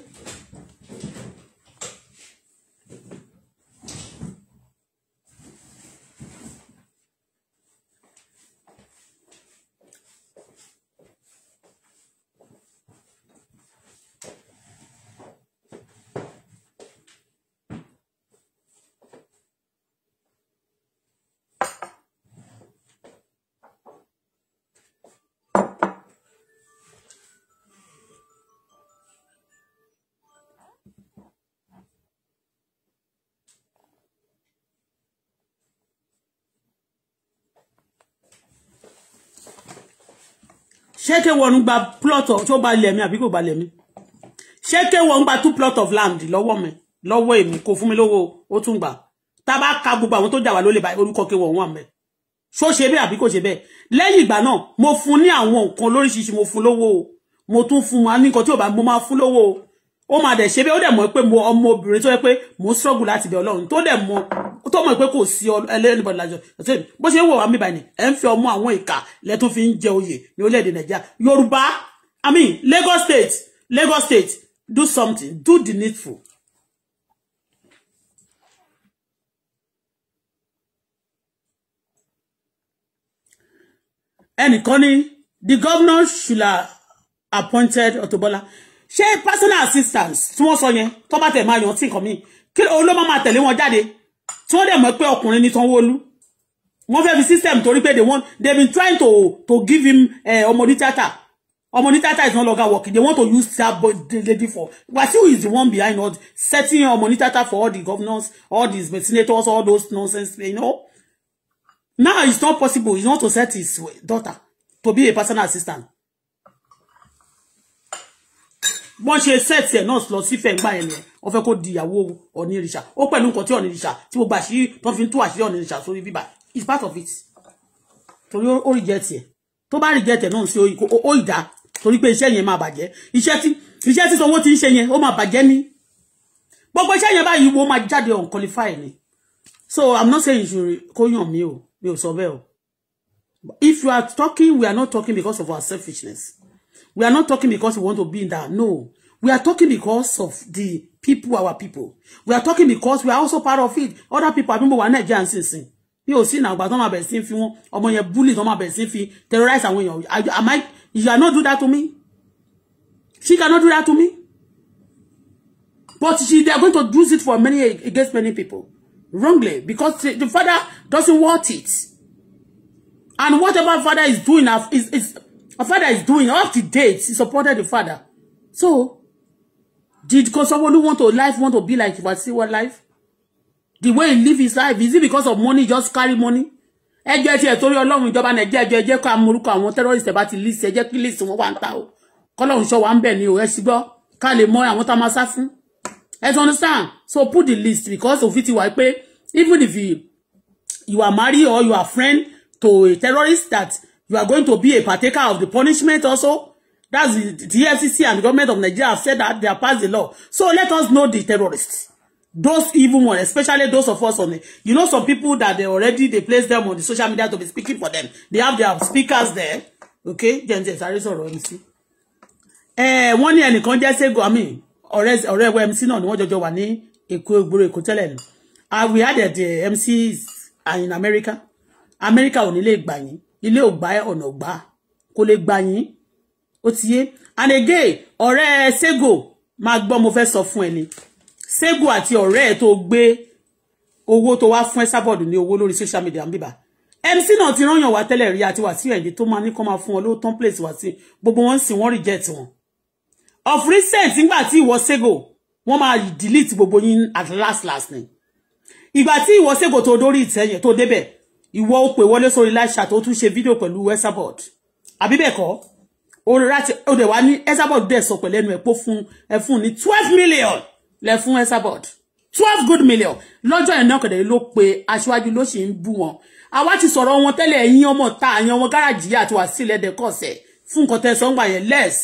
ṣé Kéwọ̀nù gba plot of tó gba ilẹ̀ mi àbí kò gba ilẹ̀ mi ṣé Kéwọ̀nù gba two plot of land lọ́wọ́ mi lọ́wọ́ èmi kò fún mi lówó ó tún gbà tá bá ka gbogbo àwọn tó jà wá lólè báyìí orúkọ Kéwọ̀nù wà mẹ́ ṣó ṣe bẹ́ẹ̀ àbí kò ṣe bẹ́ẹ̀ lẹ́yìn ìgbà náà mo fún ní àwọn nǹkan lóríṣiríṣi mo fún lówó o mo tún fún wa ní nǹkan tí ò bá mo máa fún lówó o ó máa dẹ̀ ṣe bẹ́ẹ̀ ó dẹ̀ mọ̀ pé mo ọmọ obìnrin tó yẹ pé mo struggle láti bẹ̀ ọlọ́run tó dẹ̀ mọ̀ tó mọ̀ pé kò sí anybody lajo. ẹ̀sìn bó ṣe ń wọ̀ wá mí báyìí ẹ̀ ń fi ọmọ àwọn ìka lẹ́ tó fi ń jẹ oyè ní orílẹ̀-èdè nàìjíríà yorùbá i mean lagos state lagos state do something do the needful. Any ní the governor should have appointed Auto Bola ṣé personal assistance tí wọ́n sọ yẹn tó bá tẹ̀ máa yàn tí nǹkan mi kí ló máa tẹ̀lé wọn jáde tí wọ́n dẹ̀ mọ̀ pé ọkùnrin ní Sanwó-Olú wọ́n fẹ́ fi system torí pé they want they been trying to to give him ọmọdé tata ọmọdé tata is no longer working they want to use that boy lady for Wasiu is the one behind all setting ọmọdé tata for all the governors all the senators all those nonsense you know now it's not possible He want to set his daughter to be a personal assistant wọ́n ṣe sẹ́ẹ̀tì ẹ̀ náà lọ sífẹ̀ ńgbà yẹn nìyẹn wọ́n fẹ́ kó di ìyàwó ọ̀nìrìṣà ó pẹ̀lú nǹkan tí ọ̀nìrìṣà tí gbogbo àṣírí tó fi ń tú àṣírí ọ̀nìrìṣà sórí bíbà it's part of it torí ó reject ẹ̀ tó bá reject ẹ̀ náà sí ó ìdá torí pé iṣẹ́ yẹn máa bàjẹ́ iṣẹ́ tí iṣẹ́ tí sanwó ti ń ṣe yẹn ó máa bàjẹ́ ní gbogbo iṣẹ́ yẹn báyìí wọ́n máa jáde unqualified ni so i'm not saying you should kó yàn mí o mi ò sọ bẹ́ẹ̀ o if you are talking we are not talking because of our selfishness we are not talking because we want to be in that no We are talking because of the people, our people. We are talking because we are also part of it. Other people, I remember, were Nigerians since. You see now, but don't have a sin fi wọn. Ọmọ yẹn bully, don't have a sin fi terrorize àwọn èèyàn. Am I? You cannot do that to me. She cannot do that to me. But she, they are going to use it for many against many people wrongly because the father doesn't want it. And whatever father is doing, is is a father is doing up to date. He supported the father, so Did Kosowolu want to life want to be like Wasiwa life? The way he live his life, is it because of money, just carry money? Ẹjọ́ ti ẹ̀ torí Ọlọ́run ìjọba Nàìjíríà ẹjọ́ ẹjẹ́ kó amúrúkọ àwọn terrorist ẹ̀bá ti list ẹjẹ́ kí list wọn wà ń ta o. Kọ́lọ́run ṣọ́ wa ń bẹ̀ ni o, ẹ sì gbọ́, ká lè mọ àwọn tá a máa sá fún. Ẹ ti understand? So put the list because of it. wà pé even if you, you are married or you are friend to a terrorist that you are going to be a partaker of the punishment also. That's the, the EFCC and the government of Nigeria have said that they have passed the law. So let us know the terrorists. Those evil ones, especially those of us on the, you know, some people that they already, they place them on the social media to be speaking for them. They have their speakers there. Okay? Then they are sọ̀rọ̀ see. Eh, one year wọ́n ní ẹnìkan jẹ́ Sego, I mean, ọ̀rẹ́ ọ̀rẹ́ ẹ̀wọ̀ MC náà ni wọ́n one year. ní Èkó ìgboro Èkó tẹ́lẹ̀ ni. And we had the eh, MCs in America. America ò ní lè gbà yín. Ilé ò gbà ẹ̀ ọ̀nà ò gbà. Kò Otiye ti yé and again ọ̀rẹ́ Sego máa gbọ́ mo fẹ́ sọ fún ẹ ni Sego ati ọ̀rẹ́ to tó gbé owó tó wá fún ẹ sábọ̀dù ní social media ń MC náà ti wa tele tẹ́lẹ̀ rí àti Wàsíù ẹ̀yẹ tó máa ní kó máa fún wọn lówó tán place Wàsíù gbogbo wọn sì wọ́n reject wọn of recent nígbà tí ìwọ Sego wọ́n máa delete gbogbo yín at last last ni ìgbà tí ìwọ Sego tó dórí ìtẹ́yẹ tó débẹ̀ ìwọ ó pè wọlé sórí láṣà tó tún ṣe fídíò pẹ̀lú westerboard àbí bẹ́ẹ̀ kọ́ olùrà ti ó dẹ̀ wá ní Esabod dẹ̀ sọ pẹ̀lẹ́nu ẹ̀ pé fún Fun fún ní twelve million lẹ fún Esabod twelve good million lọ́jọ́ yẹn náà kẹ̀dẹ̀ lo pe aṣáájú ló sì ń bú wọn àwa ti sọ̀rọ̀ wọn tẹ́lẹ̀ ẹ̀yin ọmọ ta àyàn wọn gáràjì yà àti wàásù ilẹ̀ dẹ́kọ̀ọ̀sẹ̀ fún nǹkan tẹ̀sán gbà yẹn less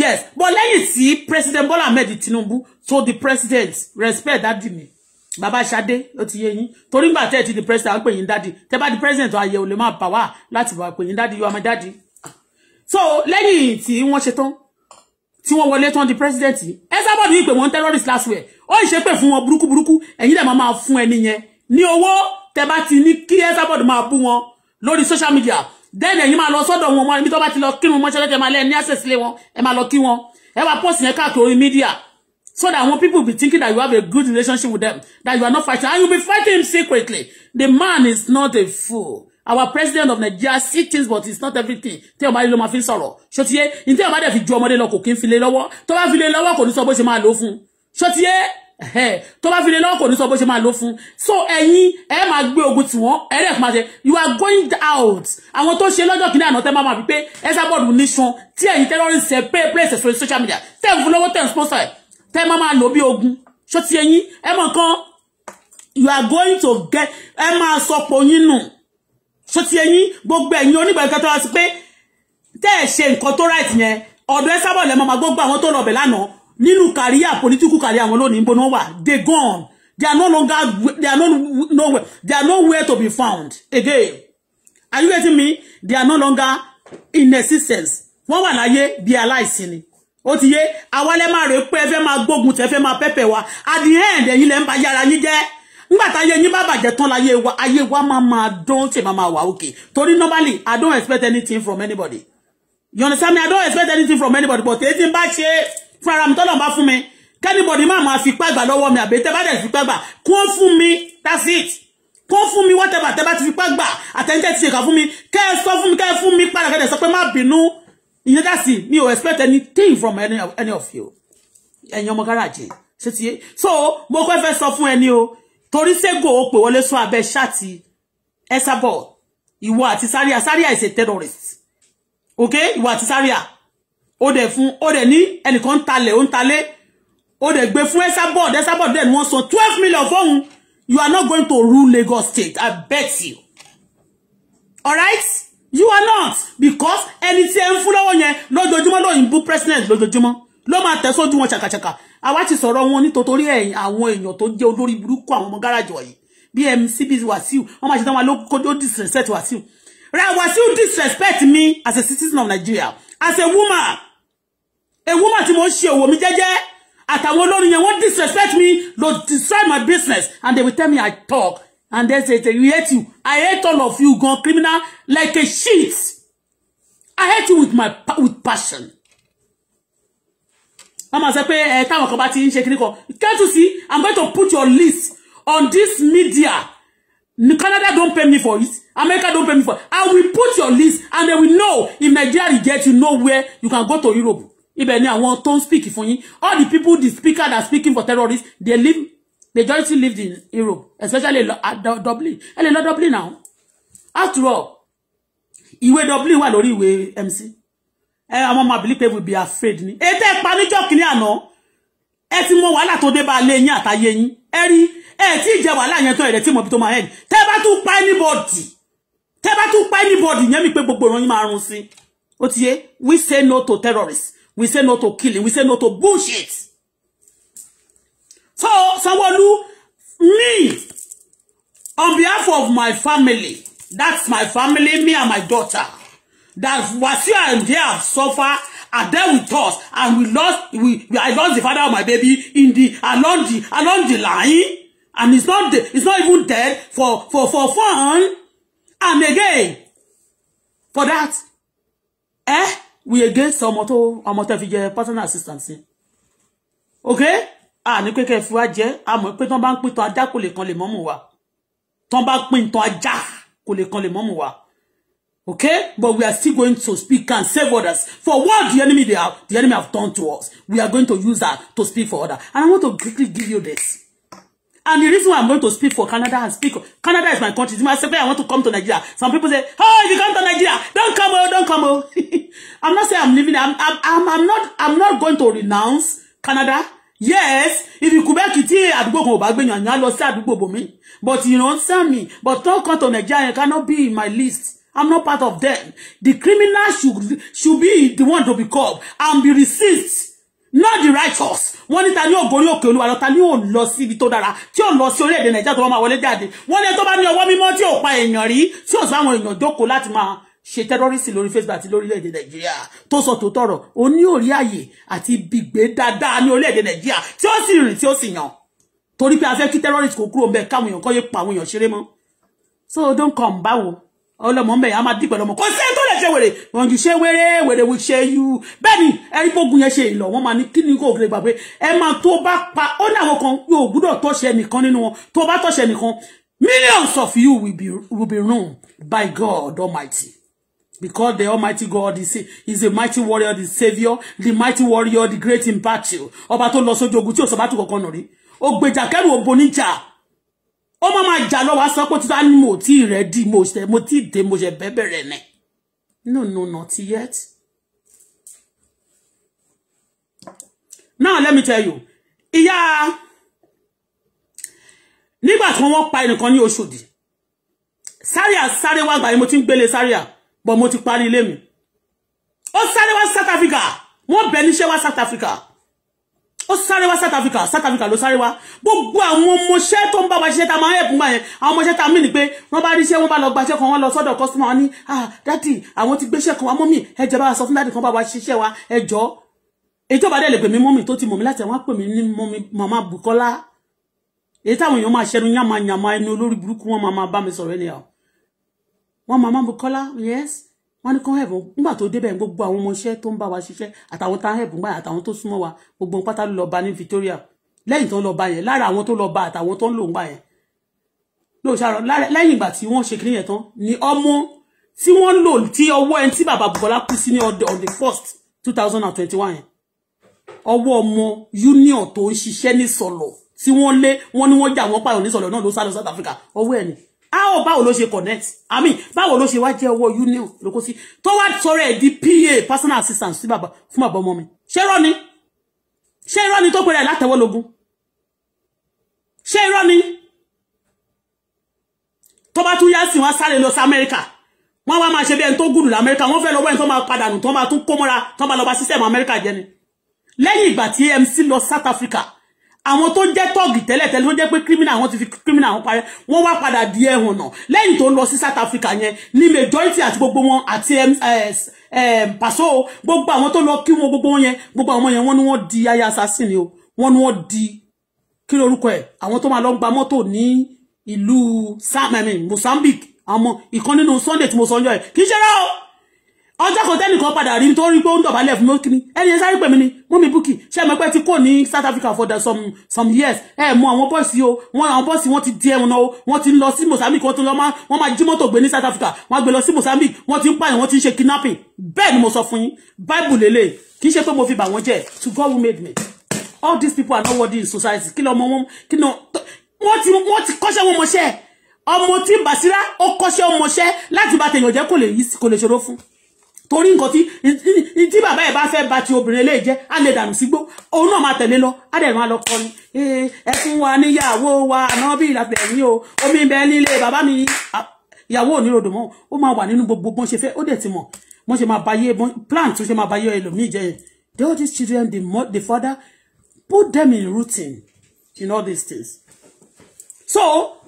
yes but lẹ́yìn tí president Bola Ahmed Tinubu So the president respect that mi Baba Ṣadé ó ti yé yín torí ngbà tẹ́ ti di president à ń pè yín dádì tẹ́ bá di president ayẹwo lè má power. wá láti bá pè yín dádì yóò àmọ́ dádì so lẹ́yìn tí wọ́n ṣe tán tí wọ́n wọlé tán di president ẹ sábà bíi pé wọ́n terrorist last year ó ń ṣe pé fún wọn burúkú burúkú ẹ̀yin dẹ̀ máa máa fún ẹni yẹn ní owó tẹ́ bá ti ní kí ẹ sábà máa bú wọn lórí social media then ẹ̀yin máa lọ sọ́dọ̀ wọn wọn ibi tó bá ti lọ kírun mọ́ṣẹ́lẹ́tẹ̀ máa lẹ́ẹ̀ ní access lé wọn ẹ máa lọ kí wọn ẹ wá post yẹn káàkiri media so that when people be thinking that you have a good relationship with them that you are not fighting and you be fighting him secretly the man is not a fool our president of Nigeria see things but it's not everything tí ọmọdé ló máa fi ń sọ̀rọ̀ ṣọtiyé ní tí ọmọdé fi ju ọmọdé lọ kò kí ń file lọ́wọ́ tó bá file lọ́wọ́ kò ní sọ bó ṣe máa lò ó fún ṣọtiyé tó bá file lọ́wọ́ kò ní sọ bó ṣe máa lò fún so ẹ̀yin ẹ máa gbé ogun tí wọ́n ẹ rẹ̀ máa ṣe you are going out àwọn tó ṣe lọ́jọ́ kìnìún àná tẹ́ máa máa fi pé ẹ̀sàbọ̀dù nation tí ẹ̀yin terrorist ẹ̀ pay place for social media tẹ́ ń fún lọ́wọ́ tẹ́ ń sponsor ẹ̀ tẹ́ máa máa lò bí ogun ṣọtiyé yín ẹ mọ̀ kan you are going to get ẹ máa sọpọ̀ yín nù so ti ẹ̀yin gbogbo ẹ̀yin onígbà nǹkan tó wá sí pé tẹ́ ẹ̀ ṣe nǹkan tó right yẹn ọ̀dọ̀ ẹ sábà lẹ́mọ̀ máa gbogbo àwọn tó lọ bẹ̀ lánàá nínú kàríyà political kàríyà àwọn lónìí gbóná wà they gone they are no longer they are no nowhere they are nowhere to be found again are you getting me they are no longer in existence wọ́n wà láyé bí aláìsí ni ó ti ye? awálẹ́ máa rè pé ẹ fẹ́ máa gbógun tẹ́ fẹ́ máa wa at the end ẹ̀yin lẹ́ ń ba yàrá yín jẹ́ nígbà ayé yín bá bàjẹ́ tán láyé wa ayé wa máa máa dán tí màá máa wà òkè torí normally i don't expect anything from anybody you understand me i don't expect anything from anybody but èyí tí n bá ṣe fún ara mi tọ́lọ̀ bá fún mi kẹ́nìbọ̀dì máa máa fipá gbà lọ́wọ́ mi àbí tẹ́ bá dẹ̀ fipá gbà kó fún mi that's it kó fún mi whatever tẹ́ bá ti fipá gbà àtẹ̀yìntẹ́ ti ṣèkà fún mi kẹ́ ẹ sọ fún mi kẹ́ ẹ fún mi padà kẹ́ ẹ sọ pé má bínú ìyẹn dá sí mi ò expect anything from any of, any of you ẹ̀yin ọmọ gáràjì ṣé so mo kọ́ fẹ́ sọ fún torí ségò ó pè wọlé sún abẹ́ ṣáàtì Esabod ìwọ àti Zaria Zaria is a terrorist okay ìwọ àti Zaria ó dẹ̀ fún ó dẹ̀ ní ẹnìkan ń talẹ̀ ó ń talẹ̀ ó dẹ̀ gbé fún Esabod Esabod dẹ̀ ni wọ́n san twelve million fóun you are not going to rule Lagos state I bet you alright you are not because ẹni tí ẹ ń fún lọ́wọ́ yẹn lójoojúmọ́ lóyìnbó president lójoojúmọ́ ló máa tẹ̀ sójú wọn ṣàkàṣàkà àwa ti sọ̀rọ̀ wọn nítorí ẹ̀yìn àwọn èèyàn tó jẹ́ olórí burúkú àwọn ọmọ gáràjọ yìí bíi mcb wàsíù wọn máa ṣe táwọn alókòdó disrespect wàsíù ra wàsíù disrespect me as a citizen of Nigeria as a woman a woman tí mo ń ṣe òwò mi jẹ́jẹ́ àtàwọn olórin yẹn wọ́n disrespect me lo destroy my business and they will tell me I talk and they say they hate you I hate all of you gan criminal like a shit I hate you with my with passion wọ́n máa sọ pé ẹ eh, kan bá ti ń ṣe kíní can't you see i'm going to put your list on this media canada don't pay me for it america don't pay me for it i will put your list and they will know if nigeria get you know where you can go to europe ibẹ̀ ni àwọn tó speak fún yín all the people the speaker that speaking for terrorists they live majority lived in europe especially at uh, dublin ẹ lè dublin now after all ìwé dublin wà lórí ìwé mc ẹ ọmọ máa believe people be afraid ni ètò ẹ̀pá níjọ́ ni ano. ẹ ti mọ wàhálà tó dé bá lé yín àtàyè yín ẹ rí ẹ tí ì jẹ wàhálà yẹn tó ẹ̀rẹ̀ tí mo bí tó máa ẹ̀dì tẹ́ bá tún pa anybody tẹ́ bá tún pa anybody yẹn mi pé gbogbo ìran yín máa run sí ó ti yé we say no to terrorists we say no to killing we say no to bullshit so someone olú me on behalf of my family that's my family me and my daughter that was Wasiu and there. So far, are there with us and we lost we, I lost the father of my baby in the along the along the line and it's not the, it's not even dead for for for fun and again for that eh we against some tó ọmọ tó personal assistance okay Ah, ní pé kẹ́ fi wá jẹ a mọ̀ pé tán bá ń pín tan ajá kò lè kan lè mọ́mù wa tán bá pín tan ajá kò lè kan lè mọ́mù wa. Okay? But we are still going to speak and save others. For what the enemy they have, the enemy have done to us. We are going to use that to speak for others. And I want to quickly give you this. And the reason why I'm going to speak for Canada and speak, Canada is my country. Myself, I want to come to Nigeria. Some people say, oh, if you come to Nigeria, don't come, oh, don't come, oh. I'm not saying I'm leaving. I'm, I'm, I'm, I'm not, I'm not going to renounce Canada. Yes, if you come back, tí àdúgbò kan ò bá gbẹ̀yàn, yàn á lọ sí àdúgbò bòmí. But you don't understand me. But don't come to Nigeria, you cannot be in my list. I'm not part of them. The criminal should, should be the one to be called and be resist. Not the righteous. Wọ́n ní a new ògo ní òkè Olúwa a ta ni ò lọ sí ibi tó dára, tí ò lọ sí orílẹ̀-èdè Nàìjíríà tó wọ́n máa wọlé jáde. Wọ́n ní tó bá ní ọwọ́ mímọ́ tí ò pa èèyàn rí, tí ò sọ àwọn èèyàn jókòó láti máa ṣe tẹ́rọ́rìsì lórí Facebook àti lórílẹ̀-èdè Nàìjíríà tó sọ tó tọ̀rọ̀. O ní orí àyè àti gbígbé dáadáa ní orílẹ̀-èdè Nàìjíríà tí ó sì rìn tí ó sì yàn. Torí pé a fẹ́ kí tẹ́rọ́rìsì kò kúrò ń bẹ̀ káwọn èèyàn So don't come báwo ọlọmọ mbẹ a máa dìpẹ lọmọ kò sẹ́ni tó lè ṣe wèrè wọn kì í ṣe wèrè wèrè wí ṣe yú bẹ́ẹ̀ ni ẹni gbógun yẹn ṣe ìlọ wọn máa ní kí ni kò kéré gbà pé ẹ máa tó bá pa ó ní àwọn kan yóò gbúdọ̀ tọ́ṣẹ nìkan nínú wọn tó bá tọ́ṣẹ millions of you will be will be ruined by God Almighty because the Almighty God is is a mighty warrior the savior, the mighty warrior the great in battle ọba tó lọ sójú ogun tí òṣèbátú kankan nù rí ògbèjà kẹrù ògbóníjà ó máa máa wa lọ́wọ́ sọ pé títà ni mo tí ì mo ṣe mo tí ì mo ṣe bẹ́bẹ̀rẹ̀ nẹ̀ no no not yet. now let me tell you iya. nígbà tí wọ́n pa ẹnìkan ní Ọ̀ṣọ́dì saria sáré wá gbà yìí mo ti ń gbélé Zaria but mo ti parí ilé mi ó sáré wá South Africa wọ́n bẹ̀ níṣẹ́ wa South Africa ó sáré wá South Africa South Africa ló sáré wá gbogbo àwọn ọmọọṣẹ́ tó ń bá wa ṣiṣẹ́ ta máa ń ẹ̀bùn gbà yẹn àwọn ọmọọṣẹ́ ta mí ni pé wọ́n bá ríṣẹ́ wọ́n bá lọ gbaṣẹ́ kan wọ́n lọ sọ́dọ̀ customer wọn ní ah dádì àwọn ti gbéṣẹ́ kan wá mọ́mì ẹ jẹ́ bá wa sọ fún dádì kan bá wa ṣiṣẹ́ wa ẹ jọ̀ọ́ èyí tó bá dẹ̀ lè pè mí mọ́mì tó ti mọ̀ mí láti àwọn pè mí ní mọ́mì màmá Bukola èyí táwọn èèyàn máa ṣẹnu yàmà yàmà ẹni olórí burúkú wọn máa bá mi sọ̀rọ̀ ẹni à wọn màmá Bukola yes wọ́n ní kán hẹ̀bù nígbà tó débẹ̀ gbogbo àwọn ọmọọṣẹ́ tó ń bá wa ṣiṣẹ́ àtàwọn tá ń hẹ̀bù àtàwọn tó súnmọ́ wa gbogbo pátá ló lọ bá ní Victoria lẹ́yìn tó lọ bá yẹn lára àwọn tó lọ bá àtàwọn tó ń lò ń gbà yẹn ló ṣàrọ lẹ́yìn ìgbà tí wọ́n ṣe kiri yẹn tán ni ọmọ tí wọ́n lò tí ọwọ́ ẹni tí bàbá Bùkọ́lá kú sí ní on the first two thousand and twenty-one yẹn ọwọ́ ọmọ union tó ń ṣiṣẹ́ ní sọ̀lọ̀ tí wọ́n lé wọ́n ní wọ́n jà South Africa ọwọ́ ni how about ló connect i mean báwo ló ṣe wá jẹ́ owó union ló kó sí tó wá the pa personal assistant sí bàbá fún bàbá ọmọ mi ṣé irọ́ ni ṣé irọ́ ni tó pèrè látẹ̀wọ́ lógún ṣé irọ́ ni tó bá tún yá sí wọn sáré lọ sí amẹ́ríkà wọ́n wá máa ṣe bí ẹni tó gùdù lamẹ́ríkà wọ́n fẹ́ lọ́wọ́ ẹni tó máa padà nù tó máa tún kó mọ́ra South Africa àwọn tó jẹ́ tọ́ọ̀gì tẹ́lẹ̀tẹ́lẹ̀ tó jẹ́ pé criminal àwọn ti fi criminal àwọn parẹ́ wọ́n wá padà di ẹ̀hùn náà lẹ́yìn tó ń lọ sí South Africa yẹn ní majority àti gbogbo wọn àti eh, pàṣọ gbogbo àwọn tó lọ kí wọn gbogbo wọn yẹn gbogbo àwọn yẹn wọ́n ní wọ́n di aya assassin ni o wọ́n ní wọ́n di kí lorúkọ ẹ̀ àwọn tó máa lọ gba mọ́tò ní ìlú Mozambique àmọ́ ìkan nínú Sunday tí mo sọ ọjọ́ ẹ̀ kì í ṣe rẹ́ o ọjọ́ kan tẹ́nìkan padà rí tó rí pé ó ń dọ̀bálẹ̀ fún mọ́kìnrin ẹni ẹ sáré pè mí ni mọ́mí búkì ṣé ẹ mọ̀ ti kò ní South Africa for the some some years ẹ mọ àwọn bọ́ọ̀sì o wọn àwọn bọ́ọ̀sì wọn ti di ẹ̀wọ̀n náà o wọn ti lọ sí Mozambique wọn ti lọ máa wọn máa jí mọ́tò gbé ní South Africa wọn gbé lọ sí Mozambique wọn ti ń pààyàn wọn ti ń ṣe kidnapping bẹ́ẹ̀ ni mo sọ fún yín Bible lélẹ̀ kì í ṣe pé mo fi bà wọ́n jẹ́ to God who made me all these people are not worthy in society kí lọ́mọ wọn kí lọ́ wọ́n ti wọ́n ti kọ́ṣẹ́ wọn mọṣẹ́ ọmọ tí Basira ó kọ́ṣẹ́ ọmọṣẹ́ láti bá tèèyàn jẹ́ kò lè ṣòro fún torí nǹkan tí tí bàbá ẹ̀ bá fẹ́ ba ti obìnrin eléyìí jẹ́ a lè dànù sígbó òun náà máa tẹ̀lé lọ á dẹ̀ máa lọ kọ́ ni eh, ẹ fún wa níyàwó wa àná bí ìlàfẹ́ ẹ̀yìn o omi ń bẹ nílé bàbá mi ìyàwó ò ní rodò mọ́ ó máa wà nínú gbogbo bọ́n ṣe fẹ́ ó dẹ̀ ti mọ̀ bọ́n ṣe máa bayé plan tó ṣe máa bayé ẹlòmíì jẹ́ yẹn the all these children the, the father put them in routine in all these things so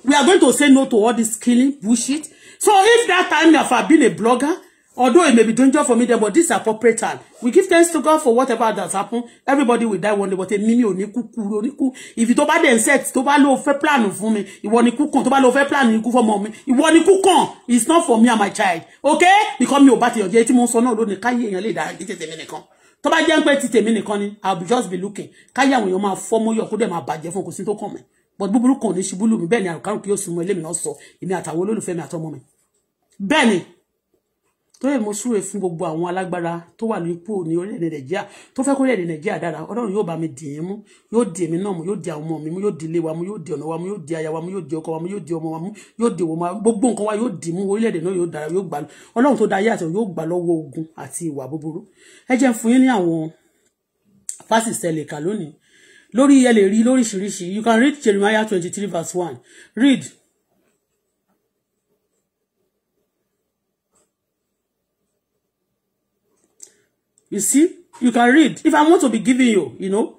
we are going to say no to all this killing bullshit so if that time if I been a blogger Although it may be dangerous for me there, but this are corporate time. We give thanks to God for whatever that's happened. Everybody will die one day, but a mi oniku ní oniku. If you don't buy den set, don't buy love for plan fún mi. Ìwọ ni kú kan, don't buy love for plan ikú fọ́mọ mi. Ìwọ ni kú kan. It's not for me and my child. Okay? Because me ò bá ti yanje tí mo sọ náà ló ní káyé èèyàn lè dá ti tèmi nìkan. Tó bá jẹ́ pé minute tèmi nìkan ni, I'll just be looking. Káyé àwọn èèyàn máa fọ́ mọ́ yọ kó dẹ̀ máa bàjẹ́ fún kò sí tó kàn But búburú kan ni ṣubú lù mí bẹ́ẹ̀ ni àrùkárùn kí ó sùn mọ́ ilé mi náà sọ. Èmi àtàwọn olólùfẹ́ mi àtọmọ mi tó yẹ mo súre fún gbogbo àwọn alágbára tó wà nípò ní orílẹ̀-èdè nàìjíríà tó fẹ́ kó orílẹ̀-èdè nàìjíríà dára ọlọ́run yóò bá mi dì í mú yóò di èmi náà mú yóò di àwọn ọmọ mi mú yóò di ilé wa mú yóò di ọ̀nà wa mú yóò di aya wa mú yóò di ọkọ wa mú yóò di ọmọ wa mú yóò di ìwòmọ gbogbo nǹkan wa yóò dì í mú orílẹ̀-èdè náà yóò dára yóò gbà ọlọ́run tó da ayé àti yóò gbà lọ́wọ́ ogun àti ìwà búburú ẹ jẹ́ fún yín ní àwọn fásitì lónìí lórí ẹ lè rí lóríṣiríṣi you can read Jeremiah twenty three verse one read You see, you can read. If I want to be giving you, you know.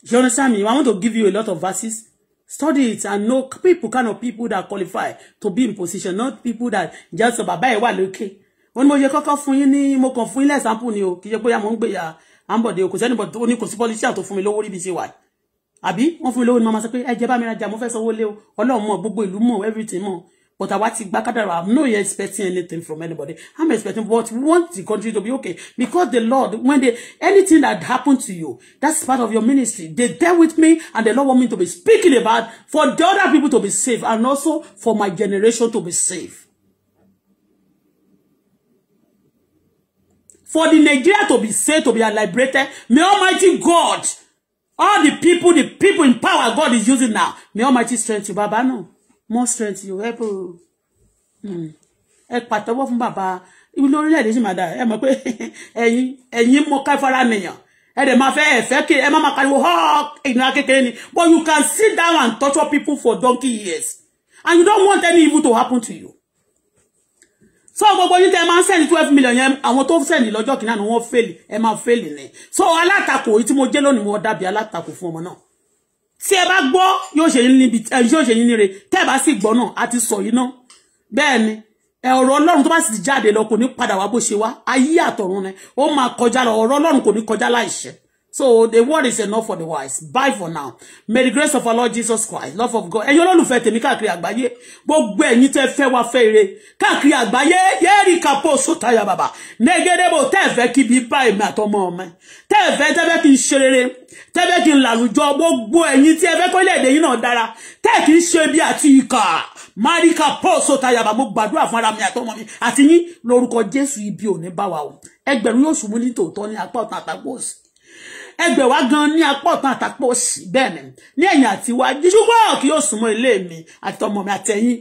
You understand me? If I want to give you a lot of verses, study it and know people, kind of people that qualify to be in position, not people that just bàbá ẹ wà Okay. Wọ́n ní mo ṣe kọ́kọ́ fún yín ní mo kàn fún yín lẹ́sàmpù ni o, kì í ṣe bóyá mo ń gbèyà àǹbọ̀dé o, kò sẹ́ni bọ̀dé oní kò sí pọ́líṣíà tó fún mi lówó rí bí ṣe wà. Àbí wọ́n fún mi lówó everything mọ̀. But I àwa ti back kádàrá, I'm not expecting anything from anybody. I'm expecting what we want the country to be okay. Because the Lord, when they, anything that happened to you, that's part of your ministry. They dealt with me and the Lord want me to be speaking about for the other people to be safe and also for my generation to be safe. For the Nigeria to be saved, to be liberated, may Almighty God all the people, the people in power God is using now. May Almighty strength you, Baba, no more strength you help ẹ uh, hmm, pàtẹ́wọ́ fún bàbá ibi lórílẹ̀‐èdè sì máa dà ẹ mọ̀ pé ẹ̀yin ẹ̀yin mọ káfárá nìyàn ẹ dẹ̀ máa fẹ́ ẹ fẹ́ kí ẹ má máa kariwo họ́ ìnira kékeré ni but you can sit down and torture people for donkey years and you don't want any evil to happen to you. so gbogbo yín tẹ́ ẹ máa ń sẹ́ni twelve million yẹn àwọn tó sẹ́ni lọ́jọ́ kìnnìkan wọ́n fẹ́lì ẹ máa fẹ́lì ni so alátakò tí mo jẹ́ lónìí mo dàbí alátakò fún ọmọ náà tí ẹ bá gbọ́ yóò ṣe yín níbi yóò ṣe yín níre tẹ́ ẹ bá sì gbọ́ náà a ti sọ yín náà bẹ́ẹ̀ ni ọ̀rọ̀ ọlọ́run tó bá sì jáde lọ kò ní padà wá bó ṣe wá ayé àtọ̀run ni ó máa kọjá lọ ọ̀rọ̀ ọlọ́run kò ní kọjá So the word is enough for the wise. Bye for now. May the grace of our Lord Jesus Christ, love of God. and you Ẹ̀yin olólùfẹ́ tèmi káàkiri àgbáyé. Gbogbo ẹ̀yin tẹ́ fẹ́ wá fẹ́ ire. Káàkiri àgbáyé yeri kapo sotaya baba. Negede bo tẹ́ fẹ́ kí bí bá èmi àtọmọ mi. Tẹ́ fẹ́ tẹ́ fẹ́ kí ṣe rere. Tẹ́ fẹ́ kí làlùjọ gbogbo ẹ̀yin tí ẹ fẹ́ kó lede yín náà dára. Tẹ́ kí ṣe bí àti ìkà. Marika po sotaya baba mo gbàdúrà fún ara mi àtọmọ mi àti yín lórúkọ Jésù ibi òní bá wa o. Ẹgbẹ̀rún yóò ṣùgbọ́n ní tòótọ́ ní apá ọ̀tún àtàkùn òsì ẹgbẹ́ wa gan ní apá ọ̀tún àtàpọ̀ òsì bẹ́ẹ̀ ni ní ẹ̀yìn àti iwájú ṣùgbọ́n kí yóò súnmọ́ ilé mi àti ọmọ mi àtẹ̀yìn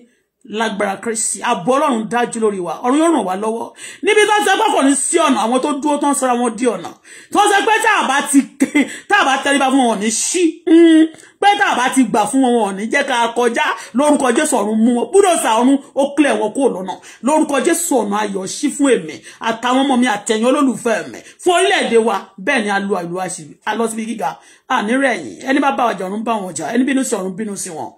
lágbára kristi àbọ̀ ọlọ́run dájú lórí wa ọ̀run yóò ràn wá lọ́wọ́ níbi tó ń sọ pé ní sí ọ̀nà àwọn tó dúró tó ń wọn di ọ̀nà tó ń sọ pé tá a bá ti tá a bá tẹríba fún wọn ní ṣí hmm pé tá a bá ti gbà fún wọn wọn ò ní jẹ́ ká kọjá lórúkọ Jésù ọ̀run mú wọn búdòsà ọ̀run ó kílẹ̀ wọn kó lọ́nà lórúkọ Jésù ọ̀nà ayọ̀ sí fún èmi àtàwọn ọmọ mi àtẹ̀yìn olólùfẹ́ mi fún orílẹ̀-èdè wa bẹ́ẹ̀ ni a lo àlù alọ́sibí gíga ànírẹ̀yìn ẹni bá bá ọjà ọ̀run bá wọn ọjà ẹni bínú sí ọ̀run bínú sí wọn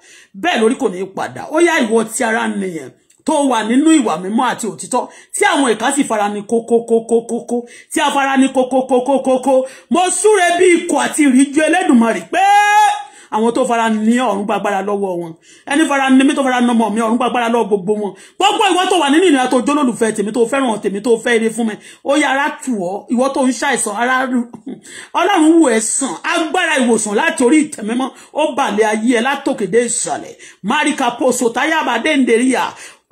bẹ́ẹ̀ lórí kò ní í padà ó yá ìwọ ti ara nìyẹn tó wà nínú ìwà mímọ́ àti òtítọ́ tí àwọn ìka sì fara ní kókókókókókó tí a fara ní kókókókókókó mo súre bí ikọ̀ àti ìríjú Ẹlẹ́dùmarè pé àwọn tó fara ní ọ̀run gbàgbára lọ́wọ́ wọn ẹni fara ní mi tó fara nọmọ mi ọ̀run gbàgbára lọ́wọ́ gbogbo wọn gbogbo ìwọ tó wà nínú ìnira tó jólólùfẹ́ tèmi tó fẹ́ràn tèmi tó fẹ́ eré fún mi ó yá ara tù ọ́ ìwọ tó ń ṣàìsàn ara ọlọ́run wù ẹ́ sàn agbára ìwòsàn láti orí ìtẹ̀mẹ́mọ́ ó balẹ̀ ayé ẹ látòkè ìsàlẹ̀ máríkà poso táyà àbádé ń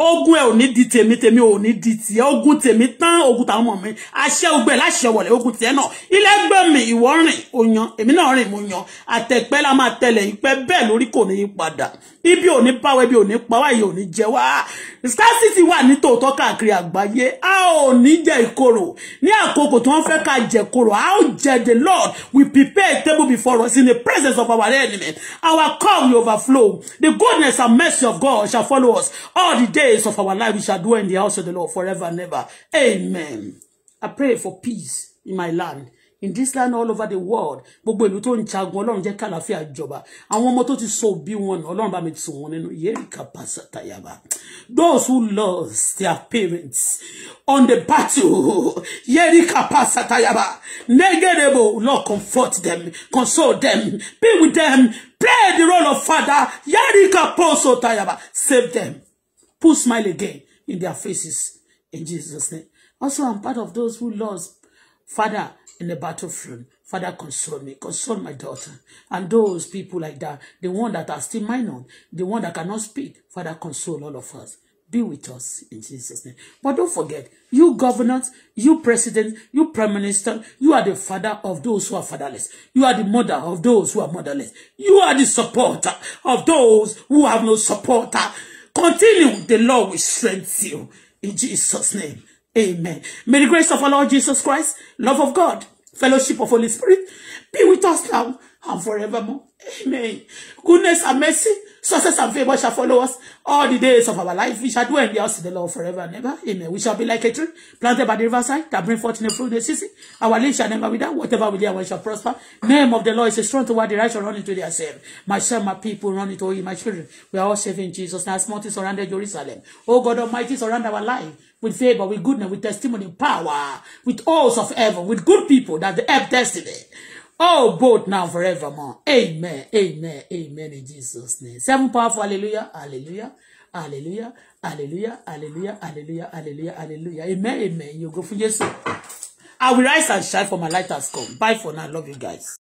ogun ẹ ò ní di tèmi temi ò ní di tiẹ ogun tèmi tán ogun tàwọn ọmọ mi àṣẹ ogun ẹ láṣẹ wọlé ogun tiẹ náà ilé gbé mi ìwọ rìn ó yan èmi náà rìn mo yan àtẹpẹ la máa tẹlẹ ìpẹ bẹ́ẹ̀ lórí kò ní í ibi ò ní bá wa ibi ò ní pa wá ìyà ò ní jẹ wá scarcity wà ní tòótọ́ káàkiri àgbáyé a ò ní jẹ ìkorò ní àkókò tí wọ́n fẹ́ ká jẹ korò a ó jẹ the Lord we prepare a table before us in the presence of our enemy our cup will overflow the goodness and mercy of God shall follow us all the days of our life we shall dwell in the house of the Lord forever and ever amen I pray for peace in my land in this land all over the world gbogbo ìlú tó ń jagun ọlọ́run jẹ́ kàlàfíà jọba àwọn ọmọ tó ti sọ bí wọn náà ọlọ́run bá mi tù wọn nínú yẹ́ríkà pàṣẹtàyàbá those who lost their parents on the battle yẹ́ríkà pàṣẹtàyàbá negerebo lord comfort them console them be with them play the role of father yẹ́ríkà pàṣẹtàyàbá save them put smile again in their faces in Jesus' name also I'm part of those who lost father in the battlefield. Father, console me. Console my daughter. And those people like that, the one that are still minor, the one that cannot speak, Father, console all of us. Be with us in Jesus' name. But don't forget, you governors, you president, you prime minister, you are the father of those who are fatherless. You are the mother of those who are motherless. You are the supporter of those who have no supporter. Continue. The Lord will strengthen you in Jesus' name. Amen. May the grace of our Lord Jesus Christ, love of God, fellowship of Holy Spirit be with us now and forevermore. Amen. Goodness and mercy, success and favor shall follow us all the days of our life. We shall dwell in the house of the Lord forever and ever. Amen. We shall be like a tree planted by the riverside that bring forth in the fruit of the season. Our life shall never be down. Whatever we do, We shall prosper. Name of the Lord is a strong toward the right run into their self. My son, my people, run into all you, my children. We are all safe in Jesus. Now, small surrounded Jerusalem. Oh God Almighty, surround our life with favor, with goodness, with testimony, power, with oaths of heaven, with good people that they have destiny. Oh, both now forevermore. Amen. Amen. Amen. In Jesus' name. Seven powerful. Hallelujah. Hallelujah. Hallelujah. Hallelujah. Hallelujah. Hallelujah. Hallelujah. Hallelujah. Amen. Amen. You go for Jesus. I will rise and shine for my light has come. Bye for now. Love you guys.